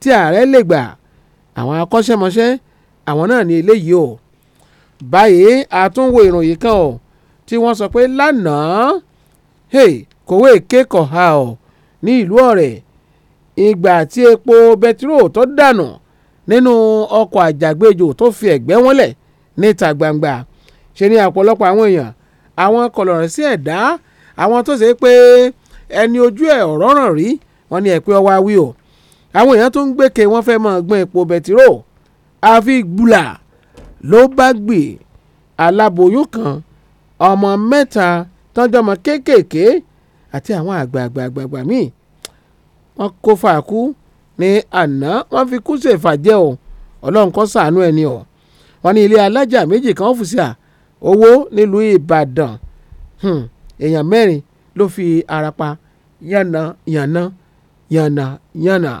P: tí ààrẹ lè gbà àwọn akọ́ṣẹ́mọṣẹ́ àwọn náà ní eléyìí o báyìí àtúnwò ìròyìn kan o tí wọ́n sọ pé lánàá hey, kòwé kékọ̀ọ́ ha o ní ìlú ọ̀rẹ́ ìgbà tí epo bẹtiró tó dànù nínú ọkọ̀ àjàgbéjò tó fi ẹ̀gbẹ́ wọn lẹ̀ níta gbangba ṣe ni ọ̀pọ̀lọpọ̀ àwọn èèyàn àwọn kọlọ̀rọ̀ sí ẹ̀dá àwọn tó ṣe pé ẹni ojú ẹ̀ ọ̀rọ̀ ràn rí wọn ni ẹ̀pẹ́ ọwọ́ awí o àwọn èèyàn tó ń gbèké wọ́n fẹ́ máa gbọ́n epo bẹtiró àfi gbùlà ló bá gbé aláboyún kan ọmọ mẹ́ta tọ́jọ́mọ kéékèèké àti àwọn àgbààgbààgbà míì wọ́n kó fàákú ní àná wọ́n fi kú ṣèfàjẹ́ o ọlọ́run kó ṣàánú ẹni o wọ́n ní ilé alájà méjì kan ọ́fíìsà owó nílùú ìbàdàn hmm, èèyàn mẹ́rin ló fi ara pa yánnayànna yánnayànna.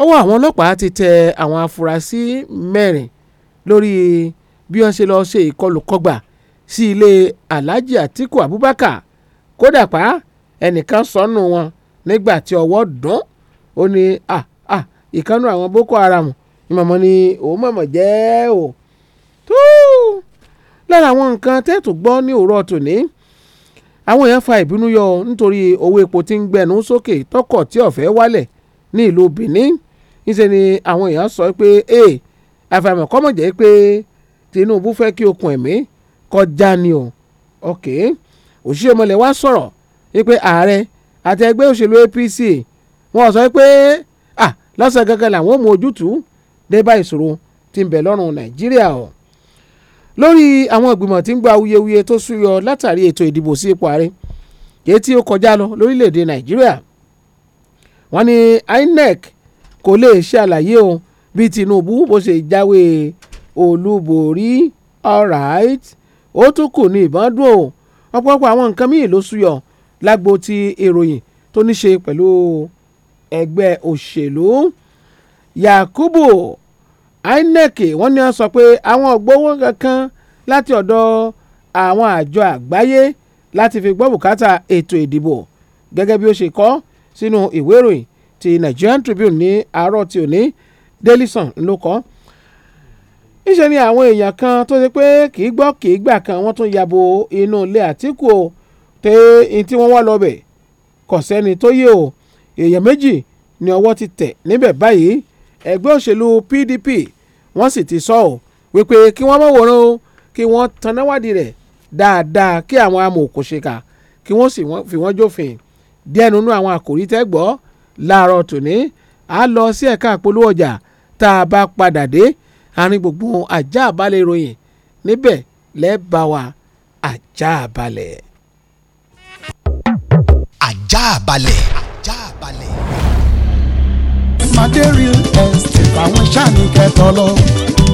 P: ọwọ́ àwọn ọlọ́pàá ti tẹ àwọn afurasí mẹ́rin lórí bí wọ́n ṣe lọ́ọ́ ṣe ìkọlù kọgbà sí ilé alhaji atiku abubakar kódà pa ẹnìkan sọnù wọn nígbà tí ọwọ́ dùn ó ní à à ìkànnù àwọn boko haram ìmọ̀mọ́ ni òun mọ̀mọ́ jẹ́ o. lára àwọn nǹkan tẹ́tù gbọ́ ní òwúrọ̀ tòní àwọn èèyàn fa ìbínú yọ nítorí owó epo tí ń gbẹnu sókè tọkọ̀ tí ọ̀fẹ́ wálẹ̀ ní ìlú Benin níṣẹ́ ni àwọn èèyàn sọ pé ee àfàìmọ̀ kọ́mọ̀ jẹ́ pé Tinubu fẹ́ kí okùn ẹ̀mí kọjá ni o ok òṣìṣẹ́ ọmọlẹ̀ wá sọ̀rọ̀ wípé ààrẹ àti ẹgbẹ́ òṣèlú APC wọ́n sọ pé ah lọ́sàn-án gangan làwọn ò mú ojútùú dé bá ìṣòro tí ń bẹ lọ́rùn Nàìjíríà o lórí àwọn ìgbìmọ̀ tí ń gba awuyewuye tó súyọ látàrí ètò ìdìbò sí ipò ààrẹ èyí tí ó kọjá lọ lórílẹ̀‐èdè nàìjíríà wọ́n ní INEC kò lè ṣe àlàyé o bí Tinubu bó ṣe jáwé olúborí alright ó tún kù ní ìbọn dùn o ọ̀pọ̀lọpọ̀ àwọn nǹkan míì ló súyọ lágbo ti ìròyìn tó ní ṣe pẹ̀lú ẹgbẹ́ òṣèlú Yakubu inec wọ́n ní wọ́n sọ pé àwọn ò gbowó kankan láti ọ̀dọ̀ àwọn àjọ àgbáyé láti fi gbọ́ bùkátà ètò ìdìbò gẹ́gẹ́ bí ó ṣe kọ sínú ìwé ìròyìn ti Nigerian Tribune ní àárọ̀ tí ò ní Daily ló kọ. níṣẹ́ ni àwọn èèyàn kan tó ṣe pé kì í gbọ́ kì í gbà kan wọ́n tún yabo inú ilé Àtíkù o tẹ ẹni tí wọ́n wá lọ bẹ̀ kò sẹ́ni tó yé o èèyàn méjì ni ọwọ́ ti tẹ̀ níbẹ̀ báyìí ẹgbẹ́ òṣèlú PDP wọ́n sì ti sọ ọ́ wípé kí wọ́n má wòran o kí wọ́n tanáwádìí rẹ̀ dáadáa kí àwọn amòòkùnṣìkà kí wọ́n sì fi wọ́n jófin díẹ̀ nínú àwọn àkòrí tẹ́gbọ́ láàárọ̀ tòní a lọ sí ẹ̀ka àpolówó ọjà tá a bá padà dé àárín gbogbo ajá àbálẹ̀ ìròyìn níbẹ̀ lẹ́ẹ̀bá wa ajá àbálẹ̀. ajá àbálẹ̀.
K: Asmade real estate àwọn sani kẹtọ lọ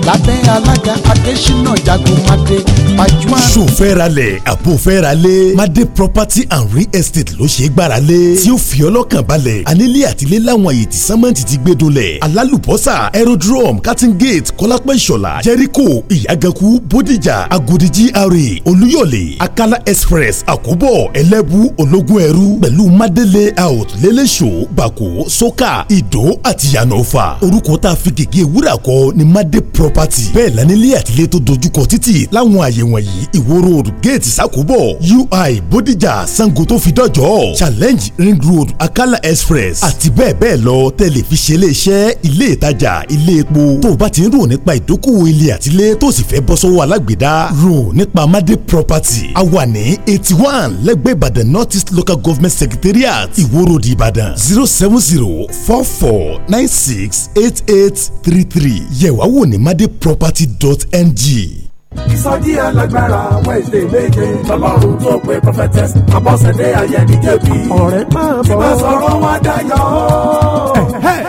I: lábẹ́ alága adésínà jagun madé pajúwa. sofẹ́ralẹ̀ àbúfẹ́ralẹ̀ madé property and real estate ló ṣe é gbára lé tí ó fi ọlọ́kàn balẹ̀ anílé àtìlé láwọn àyè tí sámẹ́ǹtì ti gbé dolẹ̀ alálùbọ́sà aerodrome cutting gate kọ́lápẹ́ ìṣọ̀lá jẹ́ríkò ìyàgànkù bódìjà agodi gra olúyọ̀lé akala express àkóbọ̀ ẹlẹ́bù ológun ẹrú pẹ̀lú madé layout lẹ́lẹ́sọ̀ bàkó sọ́kà ìdó àti láti yànnàfà orúkọ tá a fi gègé wúrà kọ ni mádé property bẹ́ẹ̀ lánilé àtìlẹ́ tó dojúkọ títì láwọn àyè wọ̀nyí ìwó gate sákòbọ̀ ui Bodija, Sangoto, tó challenge ring road akala express àti bẹ́ẹ̀ bẹ́ẹ̀ lọ tẹlifíṣẹ́ iléeṣẹ́ ilé ìtajà ilé epo tó o bá ti ń rò nípa ìdókòwò ilé àtìlẹ́ tó sì fẹ́ bọ́ sọ́wọ́ alágbèédá rò nípa mádé property a wà eighty one lẹ́gbẹ̀ẹ́ ìbàdàn Northeast local government secretariat ìwó Di ìbàdàn zero seven zero four four nine six eight eight three three yẹ̀wá wò ní madeproperty dot ng
K: ìsọjí alágbára wednesday méje lọ́lọ́run tó
I: pe prophetess abọ́sẹ̀dé ayẹni jẹ̀bi. ọ̀rẹ́ máa bọ̀ tí máa sọ̀rọ̀ wá dayọ̀.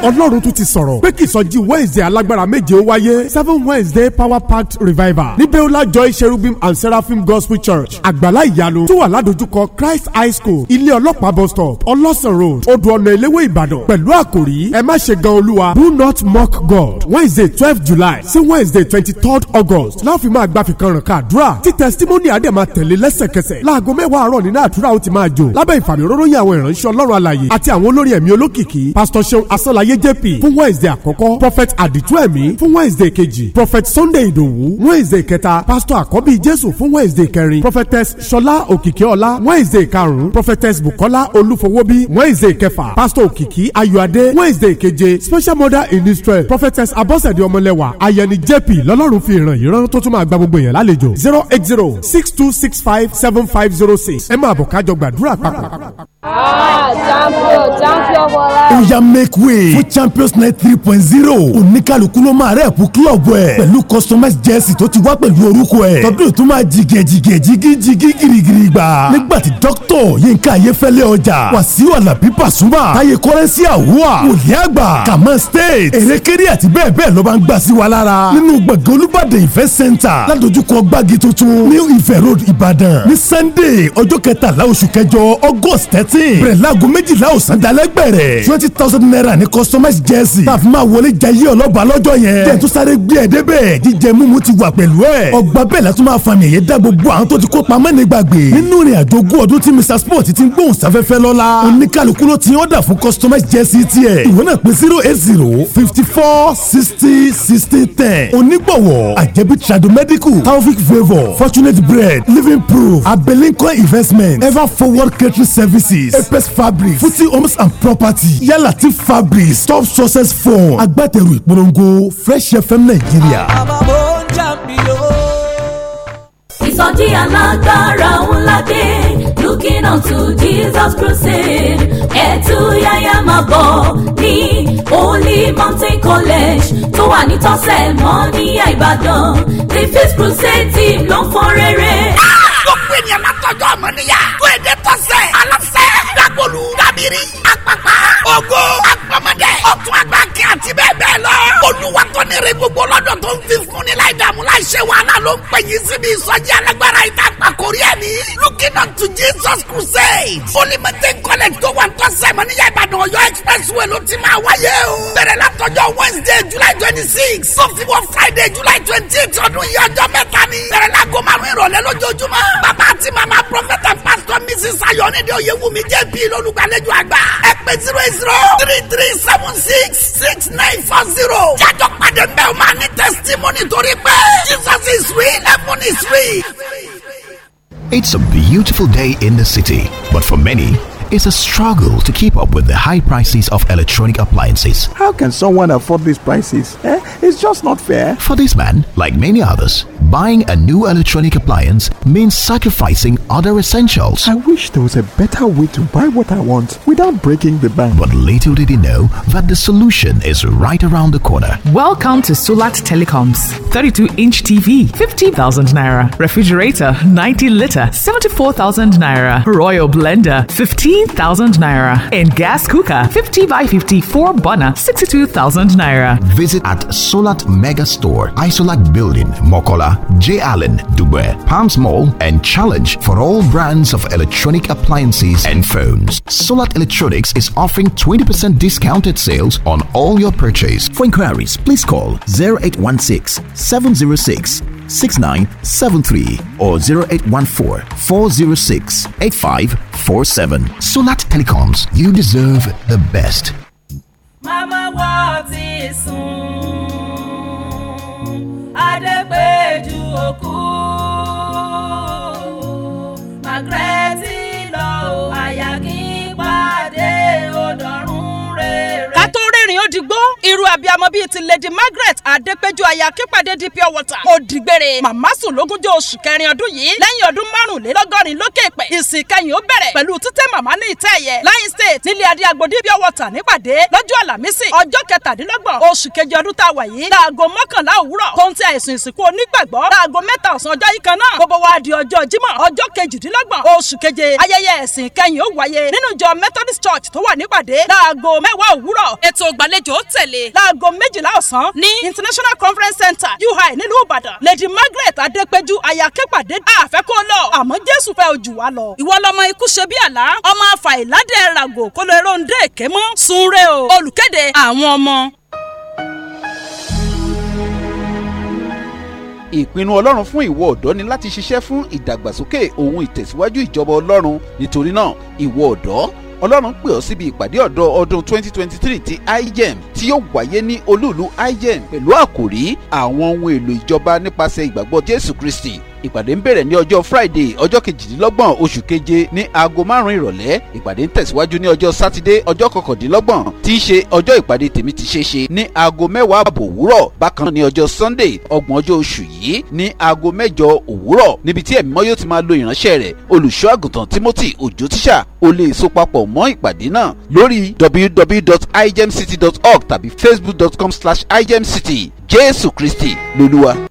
I: Ọlọ́run tún ti sọ̀rọ̀ pé kí ìsọjí Wednesday alágbára méje ó wáyé seven Wednesday power packed revival ní Beulah Joy Cherubim and Seraphim Gospel Church àgbàlá ìyanu tó wà ládojúkọ Christ High School ilé ọlọ́pàá bus stop Ọlọ́sàn Road odò ọ̀nà eléwé Ìbàdàn pẹ̀lú àkòrí ẹ má ṣe gan Olúwa do not mock God Wednesday twelve July sí Wednesday twenty third August láfi máa àgbàfikànràn kàdúrà tí tẹsítímọ́nì àdèmà tẹ̀lé lẹ́sẹ̀kẹsẹ̀ láago mẹ́wàá àárọ̀ nínú àdúrà ó ti máa jò lábẹ́ ìfàmìròròyìn àwọn ìránṣẹ́ ọlọ́run àlàyé àti àwọn olórí ẹ̀mí olókìkí pásítọ̀ ṣeun asọ́láyé jp fún wednesday àkọ́kọ́ prophet àdìtú ẹ̀mí fún wednesday kejì prophet sunday ìdòwú wednesday kẹta Pastor àkọ́bí jésù fún wednesday kẹrin prophetess ṣọlá òkìkíọlá wednesday karùn-ún prophetess bukola olúfowóbí wednesday kẹfà pásítọ̀ òkìkí ayọ̀adé wednesday keje special mother in prophetess abọ́sẹ̀dé ọmọlẹ́wà ayẹni jp lọ́lọ́run fi ìràn yìí rán gbogbo èèyàn lálejò zero eight zero six two six five seven five zero six ẹ máa bọ̀ kájọ gbàdúrà papọ̀.
H: Ah, champion, champion bọ́lá. ó
I: yá make way fún champions night three point zero oníkàlùkù ló máa rẹ́ẹ̀pù kílọ̀bù ẹ̀ pẹ̀lú customized jersey tó ti wá pẹ̀lú orúkọ ẹ̀ tọdún tó máa jìgẹ̀ jìgẹ̀ jìgí jìgí girigiri gbà nígbà tí dókítọ̀ yínká ayéfẹ́lẹ́ ọjà wàsíù alábí pàṣùmà táyé kọ́rẹ́nsì àwùwà wòlíì àgbà kàmá state èrèkéré àti bẹ́ẹ̀ bẹ́ẹ̀ ló máa ń gbà sí wa lára nínú gbọ̀ngàn olúbàdàn ìfẹ́ center ládojúkọ gbági tuntun new ife road ìbàdàn ní sunday ọjọ́ kẹtàlá oṣù kẹjọ august thirteen bẹ̀rẹ̀ láago méjìlá ọ̀sán dalẹ́ gbẹ̀rẹ̀ twenty thousand naira ní customized jersey tá máa wọlé jayé ọlọ́ba lọ́jọ́ yẹn jẹ́ tó sáré gbé ẹ̀ débẹ̀ jíjẹ mímu ti wà pẹ̀lú ẹ̀ ọgbà bẹ́ẹ̀ látún máa fa mìíye dá gbogbo àwọn tó ti kó pamọ́ ní gbàgbé nínú ìrìn àjò ogún ọdún tí mr sport ti gbóhùn sáfẹ́fẹ́ lọ́la oníkàlùkù ló ti ọ̀dà fún customized jersey tiẹ̀ ìwọ náà pé zero eight zero fifty four sixty sixty ten onígbọ̀wọ́ àjẹbí tradomedic miracle taufik favour fortunate bread living proof abelinko investment ever forward catering services Apex fabric futi homes and property Yalati ti fabric top success fund agbátẹrù ìpolongo fresh fm Nigeria.
R: ìsọjí alágbára ńlá dé down to Jesus crusade ẹ̀tú yáyá máa bọ̀ ní Holy Mountain College tó wà ní tọ́sẹ̀ mọ́ ní Ìbàdàn the fifth crusade team ló ń fọ́n rere. gbogbo ènìyàn látọjọ́ ọmọnìyàn tó èdè tọ́sẹ̀ aláṣẹ dàgbòlù dàbírí àpàpà ògo
D: àpamọ́dé ọ̀tún àgbà àti bẹ́ẹ̀ bẹ́ẹ̀ lọ. olúwa tó ní rẹ gbogbo lọ́dọ̀ tó ń fi fún ni láì dààmú láì ṣe wàhálà ló ń pè yín síbi ìsọjí alágbára ìta àpàkórí ẹ̀ ní. looking to Jesus crusade. olùmọ̀tẹ́ college tó wà tọ́sẹ̀ mọ́ níyà ìbàdàn ọ̀yọ́ expressway ló ti máa wáyé o. bẹ̀rẹ̀ látọjọ́ wednesday july twenty six tó fi wọ friday july twenty eight ọdún yìí ọjọ́ mẹ́ta ni. bẹ̀rẹ̀ láago márùn ìrọ̀lẹ́ lójoojúmọ́. bàbá àti màmá prophet and pastor mrs ayọ̀nídé oyewumi jp lólùgbàlejò àgbà. ẹ pè zero eight zero three three seven six six eight nine four zero. jájọ máa ní testimony torí pé Jesus is real heaven is real.
N: It's a beautiful day in the city, but for many, it's a struggle to keep up with the high prices of electronic appliances. How can someone afford these prices? Eh? It's just not fair. For this man, like many others, Buying a new electronic appliance means sacrificing other essentials. I wish there was a better way to buy what I want without breaking the bank. But little did he know that the solution is right around the corner. Welcome to Sulat Telecoms. 32 inch TV, 50,000 naira. Refrigerator, 90 litre, 74,000 naira. Royal blender, 15,000 naira. And gas cooker, 50 by 54 burner, 62,000 naira. Visit at Solat Mega Store, Isolat Building, Mokola, J. Allen, Dubai, Palms Mall, and Challenge for all brands of electronic appliances and phones. Solat Electronics is offering 20% discounted sales on all your purchase. For inquiries, please call 0816 706 6973 or 0814 406 8547. Solat Telecoms, you deserve the best.
G: Mama, what is soon? Magret. obìnrin ó digbó irú abiyamọ bíi ti lady margaret adépẹjọ aya kípàdé di pure water ó digbére màmá sùn lógúnjọ́ oṣù kẹrin ọdún yìí lẹ́yìn ọdún márùnlélọ́gọ́rin lókè pẹ̀ ìsìn kẹyìn ó bẹ̀rẹ̀ pẹ̀lú títẹ́ màmá ní ìtẹ́ ẹ̀yẹ lion state nílé adé agbodí pure water nípàdé lọ́jọ́ àlàmísì ọjọ́ kẹtàdínlọ́gbọ̀n oṣù kejì ọdún tá di ọjọ́ jímọ̀ ọjọ́ kejìdínlọ́gbọ̀n oṣù keje ayẹyẹ ẹ̀sìn kẹyìn ó wáyé nínú ìjọ methodist church tó wà nípàdé láago mẹ́wàá òwúrọ̀ ètò ìg agbàlejò tẹ̀lé. láago méjìlá ọ̀sán ní international conference center ui nílùú ìbàdàn lady margaret adépẹ́jú ayakẹ́pàdé àfẹ́kọ́ lọ àmọ́ jésù fẹ́ ojú wa lọ. ìwọ lọmọ ikú ṣe bí àlá ọmọ afa ìládẹ́ rago kóló eré òǹdé èké mọ́ sunre o
J: olùkéde àwọn ọmọ.
P: ìpinnu ọlọ́run fún ìwọ ọ̀dọ́ ni láti ṣiṣẹ́ fún ìdàgbàsókè ohun ìtẹ̀síwájú ìjọba ọlọ́run nítorí náà ìwọ ọ̀dọ́ ọlọ́run pè ọ́ síbi ìpàdé ọ̀dọ́ ọdún 2023 ti igem tí yóò wáyé ní olúùlú igem pẹ̀lú àkòrí àwọn ohun èlò ìjọba nípasẹ̀ ìgbàgbọ́ jésù kristi ìpàdé ń bẹ̀rẹ̀ ní ọjọ́ friday ọjọ́ kejìdínlọ́gbọ̀n oṣù keje ní aago márùn-ún ìrọ̀lẹ́ ìpàdé ń tẹ̀síwájú ní ọjọ́ sátidé ọjọ́ kọkàndínlọ́gbọ̀n tí í ṣe ọjọ́ ìpàdé tèmi ti ṣeéṣe ní aago mẹ́wàá àbọ̀ òwúrọ̀ bákan náà ní ọjọ́ sunday ọgbọ̀n ọjọ́ oṣù yìí ní aago mẹ́jọ òwúrọ̀ níbi tí ẹ̀mí mọ́ yóò ti máa lo ìránṣẹ́ rẹ̀ olùṣọ́ àgùntàn timothy òjò tíṣà o lè so papọ̀ mọ́ ìpàdé náà lórí www.igemcity.org tàbí facebook.com/igemcity jésù kristi lolúwa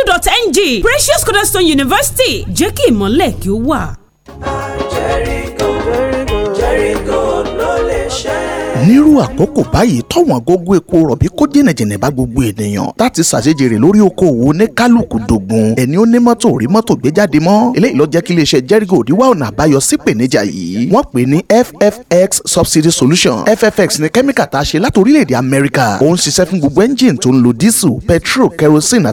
J: edu.ng Precious Cornerstone University jẹ́ kí ìmọ̀lẹ̀ kí ó wà. àjẹrí
H: kan bẹ̀rẹ̀
N: nírú àkókò báyìí tọ̀wọ́n gógó epo rọ̀bì kó jìnnà jìnnà bá gbogbo ènìyàn láti ṣàṣejèrè lórí okòwò ní kálukú dogun ẹni ó ní mọ́tò rí mọ́tò gbé jáde mọ́ eléyìí ló jẹ́ kí iléeṣẹ́ jẹ́rígò òdiwá ọ̀nà àbáyọ sí ìpèníjà yìí wọ́n pè ní ffx subsidy solution ffx ni kẹ́míkà tá a ṣe láti orílẹ̀-èdè amẹ́ríkà ó ń ṣiṣẹ́ fún gbogbo ẹ́ńjìn tó ń lo dísù petrol kerosene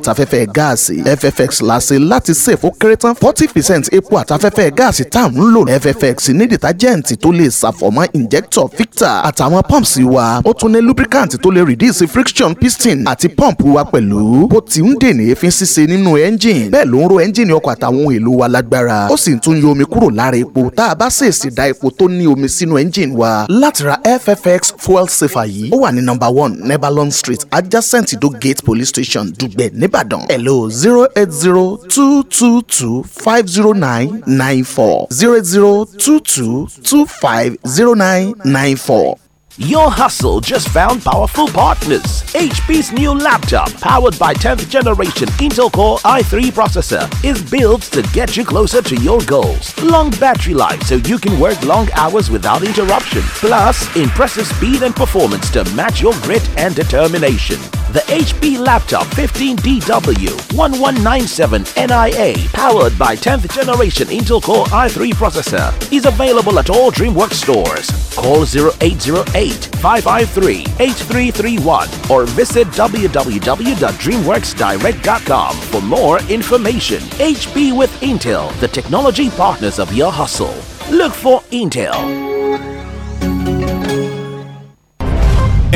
N: àtàwọn pumps wa ó tún ní lubricant tó lè reduce friction piston àti pump wa pẹ̀lú bó ti ń dènà èéfín ṣíṣe nínú engine bẹ́ẹ̀ ló ń ro engine ọkọ̀ àtàwọn ohun èlò wa lágbára ó sì ń tún yọ omi kúrò lára epo tá a bá ṣèèṣì da epo tó ní omi sínú engine wa láti ra ffx fuel safer yìí ó wà ní number one nebalon street adjacent to gate police station dùgbẹ̀ nìbàdàn hello zero eight zero two two two five zero nine nine four zero eight zero two two two five zero nine nine four. Your
L: hustle just found powerful partners. HP's new laptop, powered by 10th generation Intel Core i3 processor, is built to get you closer to your goals. Long battery life so you can work long hours without interruption. Plus, impressive speed and performance to match your grit and determination. The HP Laptop 15DW1197NIA, powered by 10th generation Intel Core i3 processor, is available at all DreamWorks stores Call 0808-553-8331 or visit www.dreamworksdirect.com for more information. HP with Intel, the technology partners of your hustle. Look for Intel.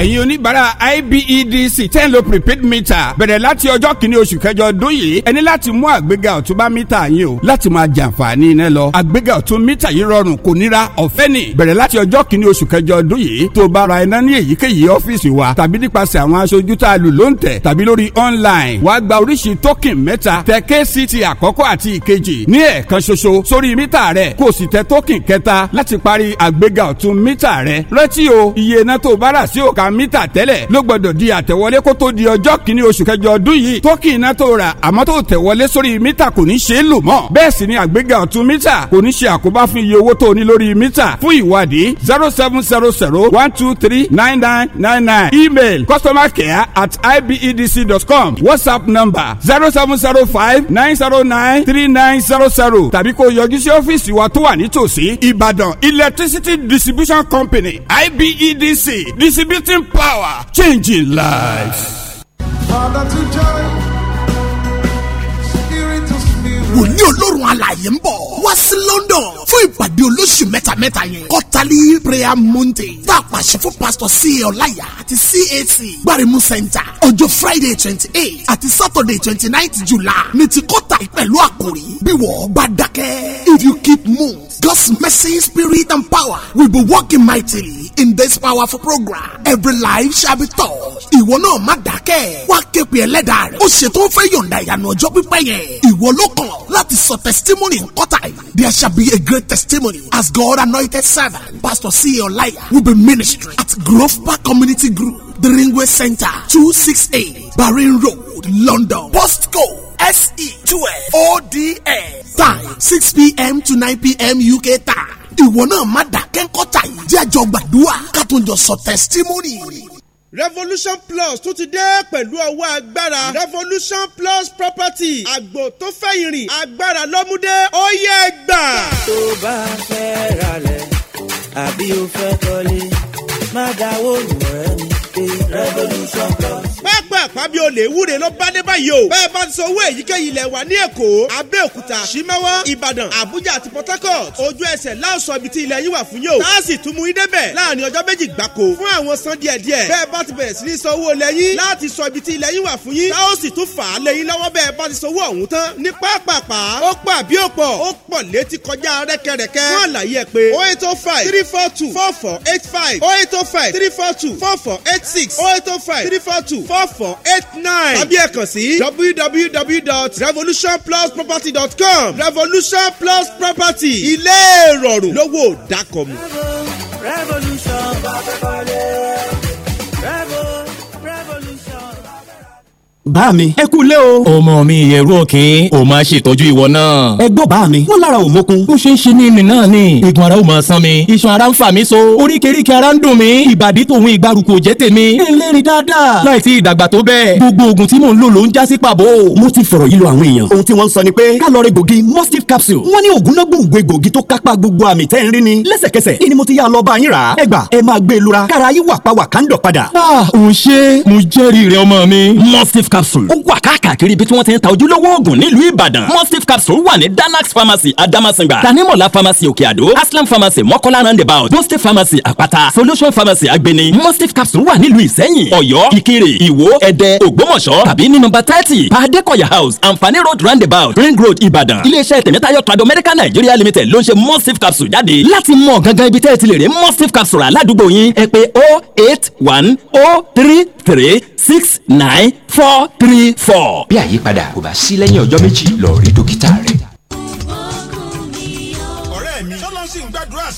S: ẹ̀yin oníbàárà IBEDC tẹ́ ń lo prepaid meter bẹ̀rẹ̀ láti ọjọ́ kìíní oṣù kẹjọ ọdún yìí ẹni láti mú àgbéga ọ̀túnba mítà yín o láti máa jàǹfààní iná lọ àgbéga ọ̀tún mítà yìí rọrùn kò nira ọ̀fẹ́ ni bẹ̀rẹ̀ láti ọjọ́ kìíní oṣù kẹjọ ọdún yìí tó bá ra iná ní èyíkéyìí ọ́fíìsì wa tàbí nípasẹ̀ àwọn aṣojú tá a lù ló ń tẹ̀ tàbí lórí online wàá gba oríṣi token mẹ́ta tẹ kct àkọ́kọ́ àti ìkejì ní ẹ̀ẹ̀kan ṣoṣo sórí mítà rẹ kó o sì tẹ token kẹta láti parí àgbéga ọ̀tún mítà rẹ rántí o iye iná tó bá ta mítà tẹ́lẹ̀ ló gbọ́dọ̀ di àtẹ̀wọlé kó tó di ọjọ́ kìíní oṣù kẹjọ ọdún yìí tókì iná tó rà àmọ́ tó tẹ̀wọlé sórí mítà kò ní ṣe é lò mọ́ bẹ́ẹ̀ sì ni àgbéga ọ̀tún mítà kò ní ṣe àkóbá fún iye owó tó ní lórí mítà fún ìwádìí zero seven zero zero one two three nine nine nine nine email customercare at ibedc.com whatsapp number zero seven zero five nine zero nine three nine zero zero tàbí kó yọjú sí ọ́fíìsì wa tó wà nítòsí Ìbàdàn Electricity Distribution Company IBEDC distributing healing power changing lives.
K: Father to joy, spirit to spirit. Wòlíì Ọlọ́run alààyè ń bọ̀ wá sí London
I: fún ìpàdé olóṣù mẹ́tamẹ́ta yẹn quarterly prayer mountain gba àpàṣẹ fún pastor C Ọláyà àti CAC Gbarimu Center ọjọ́ Friday twenty eight àti Saturday twenty nine July ní ti kọ́tà pẹ̀lú àkòrí bí wọ́n bá dákẹ́ if you keep move God's mercy spirit and power will be working mightily in this powerful program. Every life shall be touched. Ìwọ náà má dákẹ́. Wá képe ẹlẹ́dàá rẹ̀. Ó ṣètò fẹ́ yọ̀ǹda ìyanu ọjọ́ pípẹ́ yẹn. Ìwọ ló kàn láti sọ testimony nkọ́ta time. There shall be a great testimony as God anointed servant Pastor C. Olaya will be ministry at Grove Park Community Group, the Ringway Center, 268 Barin Road, London. Postcode. SE12 ODS. Time 6 p.m. to 9 p.m.
K: UK time ìwọ náà má dà kẹ́ńkọ́tà yìí jẹ́ àjọ gbàdúrà ká sọ tẹ́sítímọ́nì. Revolution Plus tún ti dé pẹ̀lú ọwọ́ agbára. Revolution Plus property àgbò tó fẹ́ ìrìn agbára lọ́múdé ó yẹ gbà. Tó bá fẹ́ ralẹ̀ àbí o fẹ́ kọ́lé má dáwọ́
H: lù ẹ́ ní pé Revolution Plus
K: ọgbà àpábí olè wúre ló bá dé báyìí o bẹ́ẹ̀ bá ti sọ owó èyíkéyìí ilẹ̀ wa ní èkó abẹ́òkúta simawa ìbàdàn àbújá àti port harcourt ojú ẹsẹ̀ láòsọ ibi tí ilẹ̀ yín wà fún yóò láàsì tún mú yín débẹ̀ láàrin ọjọ́ méjì gbáko fún àwọn san díẹ̀ díẹ̀ bẹ́ẹ̀ bá ti bẹ̀rẹ̀ sí ní sọ owó ilẹ̀ láti sọ ibi tí ilẹ̀ yín wà fún yín tá ó sì tún fà á lé yín lọ́wọ́ bẹ́ẹ̀ bá ti sọ owó ọ̀hún tán ní pápápá ó pọ̀ àbí ó pọ̀ ó pọ̀ létí kọjá rẹ́kẹrẹ́kẹ́ fún àlàyé ẹ pé oh eight oh five three four two four four eight five oh eight oh five three four two four four eight six oh eight oh five three four two four four ọ̀kan eight nine tàbí ẹ sí www.revolutionplusproperty.com revolution plus property ilé ìrọ̀rùn lówó dákọ̀mù. revolution bàbá. bá mi. ẹ kú lé o.
O: ọmọ mi ìyẹ̀rú òkè ò máa ṣètọ́jú ìwọ náà. ẹ gbọ́ bá mi. wọ́n lára ò mókun. ó ṣe ń ṣe
K: ní ìrìn náà ni. igun ara ò máa san mi. iṣan ara ń fà mí so. oríkèéríkèé ara ń dùn mí. ìbàdí tòun ìgbàrúkọ jẹ́ tèmi. ẹlẹ́rìí dáadáa. láì ìdàgbà tó bẹ́ẹ̀. gbogbo oògùn tí mò ń lò ló ń já sí pàbó. mo ti fọ̀rọ̀ yìí lọ àwọn èèyàn. ohun tí wọ́n sọ ni pé kálọ̀rì gògì mustif capsule. wọ́n ní oògùn náà gbòǹgbò egbògi tó kápá e ah òun ṣe mo jẹ́rìí capsule. ó wà káàkiri
O: ibi tí wọ́n ti ń ta ojúlówó oògùn nílùú Ìbàdàn. mustif capsule wà ní danax pharmacy adamasingba. tanimola pharmacy òkè àdó. aslam pharmacy mọ́kọ́lá roundabout. boste pharmacy àpáta. solution pharmacy agbeni. mustif capsule wà nílùú ìsẹ́yìn. ọ̀yọ́ ìkirè ìwó ẹ̀dẹ́ ògbómọ̀ṣọ́. tàbí ní nọmba thirty. pàdékọ̀yà house àǹfààní road roundabout ring road ìbàdàn. iléeṣẹ́ tẹ̀mẹ́tayọ̀ trado medical nigeria limited ló ń capsule jáde. láti mọ̀ gangan ibi tẹ́ ẹ ti lè rí mustif capsule aládùúgbò yín ẹ pé 081 six nine four three four. bí àyípadà kò bá sí lẹ́yìn ọjọ́ méjì lọ rí dókítà rẹ.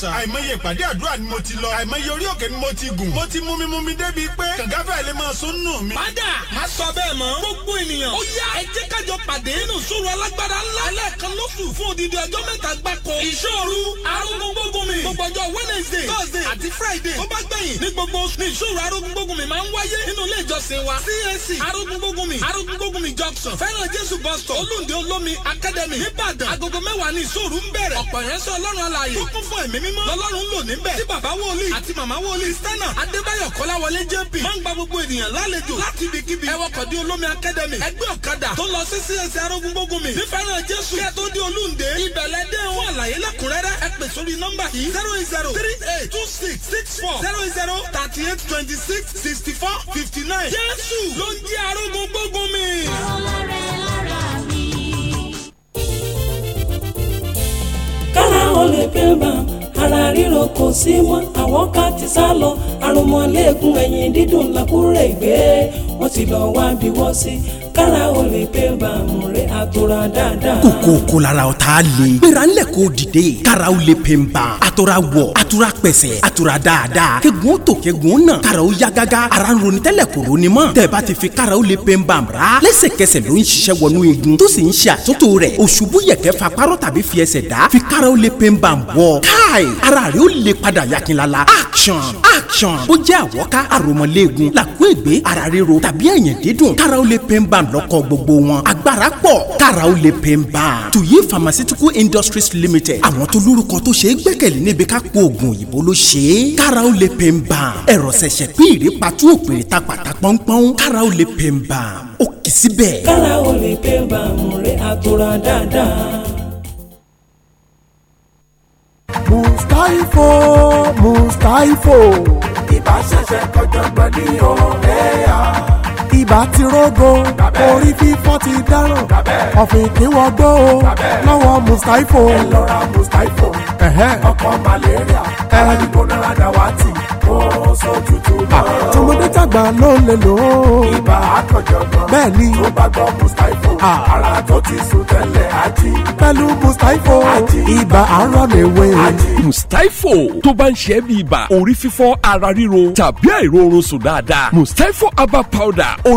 K: mẹ́sàn-án. àìmọye ìpàdé àdúrà ni mo ti lọ. àìmọye orí òkè ni mo ti gùn. mo ti múmi múmi débi pé kànga fẹ́ lè máa sún nù mí. padà má sọ bẹ́ẹ̀ mọ́. gbogbo ènìyàn ó yá ẹ jẹ́ kájọ pàdé nínú sóru alágbára ńlá. ẹlẹ́ẹ̀kan lóṣù fún odidi ọjọ́ mẹ́ta gbáko. ìṣòro arógúngbógun gbogbo ọjọ́ wednesday thursday àti friday tó bá gbẹ̀yìn ní gbogbo oṣù ni ìṣòro arógúngbógun mi máa ń wáyé nínú ilé ìjọsìn wa. cac arógúngbógun mi arógúngbógun mi junction fẹ́ràn jésù bus stop olóńdé olómi academy níbàdàn agogo mẹ́wàá ni ìṣòro ń bẹ̀rẹ̀ ọ̀pọ̀ ìrẹsì ọlọ́run alààyè tó kún fún ẹ̀mí mímọ́ lọ́lọ́run lò níbẹ̀ tí bàbá wòlíì àti màmá wòlíì stana adébáyọ̀ kọ́láwọlé jp máa ń gba gbogbo ènìyàn lálejò láti ibikíbi ẹ wọkọ̀ dé olómi akademi ẹgbẹ́ ọ̀kadà tó lọ sí csc arógún bógunmi nífẹ̀ràn jésù kí ẹ tó dé olóńdè ìbẹ̀lẹ̀ dé o fún àlàyé lẹ́kùnrẹ́rẹ́ ẹ pè sórí nọ́mbà yìí zero eight zero three eight two six six four zero eight zero thirty eight twenty six sixty four fifty nine jésù ló ń jẹ́ arógún bógunmi.
G: Kára olè pé bàbá ara ríro kò sí mọ́ àwọn ká ti sá lọ àrùn mọ́lẹ́gùn ẹ̀yìn dídùn làkúrègbé wọ́n ti lọ́ọ́ wá bí wọ́n sí kára o lè pé bàmù rẹ̀ àtòrà dáadáa.
K: kòkó kò lára o t'a le. gbéra ńlẹ̀ kò dìde. kára o lè pè ń ban. àtòrà wọ̀ àtòrà pẹ̀sẹ̀ àtòrà dáadáa. kẹ́gun tó kẹ́gun nà. kára o ya gágá. ara ronú tẹ́lẹ̀ kò ronú mọ́. tẹ̀bá ti fi kára o lè pè ń ban ra. lẹ́sẹ̀kẹsẹ̀ ló ń ṣiṣẹ́ wọnú igun. tó sì ń ṣe àtúntò rẹ̀. òṣùbù yẹ̀kẹ́ fa párọ̀ tàbí fi ẹsẹ̀ dá. fi kára o lè pè ń ban bọ̀. káì action. action action. ó jẹ́ àwọ́ká àròmọléegun làkúègbé ara ríro tàbí ẹ̀yìn dídùn kára ó lè pè ń bá lọ́kọ̀ gbogbo wọn agbára pọ̀ kára ó lè pè ń tuyi pharmaceutical industries limited àwọn tó lórúkọ tó ṣe é gbẹ́kẹ̀lé níbi ká po oògùn òyìnbó ló ṣe é kára ó lè pè ń bá. ẹ̀rọ ṣẹ̀ṣẹ̀ pín ìrèpàtú òpèrè ta pàtà pọ́npọ́n kára ó lè pè ń ó kì í síbẹ̀. kára ó
H: lè pè ń bá mọ̀rẹ́ àtúrà dáadáa mustaifo mustaifo. ibà ṣẹ̀ṣẹ̀
K: kọjọ́ gbọ́dí o ẹ̀yà ibà ti rógo orí fífọ́ ti
I: dáràn ọ̀fìn ìkínwọ́gbó o lọ́wọ́ mùsáífò. ẹ lọ ra mùsáífò ọkọ̀ malaria aládìgbò náírà dàwátì ó sọ tútù náà. Ah, tọmọdé
K: tàgbà ló ń lè lò ó. ibà
I: àkànjọ̀gbọ́n bẹ́ẹ̀ ni tó bá gbọ́ mùsáífò ah. ara tó ti sùn tẹ́lẹ̀ ají.
S: pẹ̀lú mùsáífò ibà arọ lè wé. mùsáífò tó bá ń ṣe é bí ibà orí fífọ́ ara ríro tàbí àìróorun sùn dáadáa mùsáífò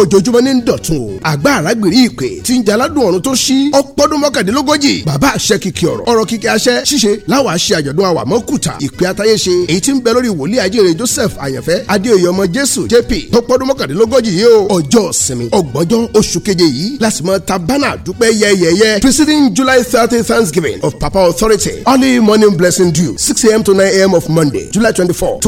I: ojoojúmọ́ ní dọ̀tun o àgbà àràgbèrè ìpè tí ń jaládùn ọ̀run tó ṣí ọgbọ́dún mọ́kàndínlógójì bàbá àṣẹ kìkì ọ̀rọ̀ ọ̀rọ̀ kìkì àṣẹ ṣíṣe láwọn àṣẹ àjọ̀dún àwà mọ́kùtà ìpè àtayé ṣe èyí tí ń bẹ lórí wòlíì ajínrere Joseph àyànfẹ́ adéoyè ọmọ Jésù JP tọpọ́dún mọ́kàndínlógójì yìí o ọjọ́ sinmi ọgbọ́njọ́ oṣù keje yìí láti mọ tabana dúpẹ́
N: preceding July thirty Thanksgiving of Papa Authority early morning blessing due six a.m. to nine a.m. of Monday July twenty-four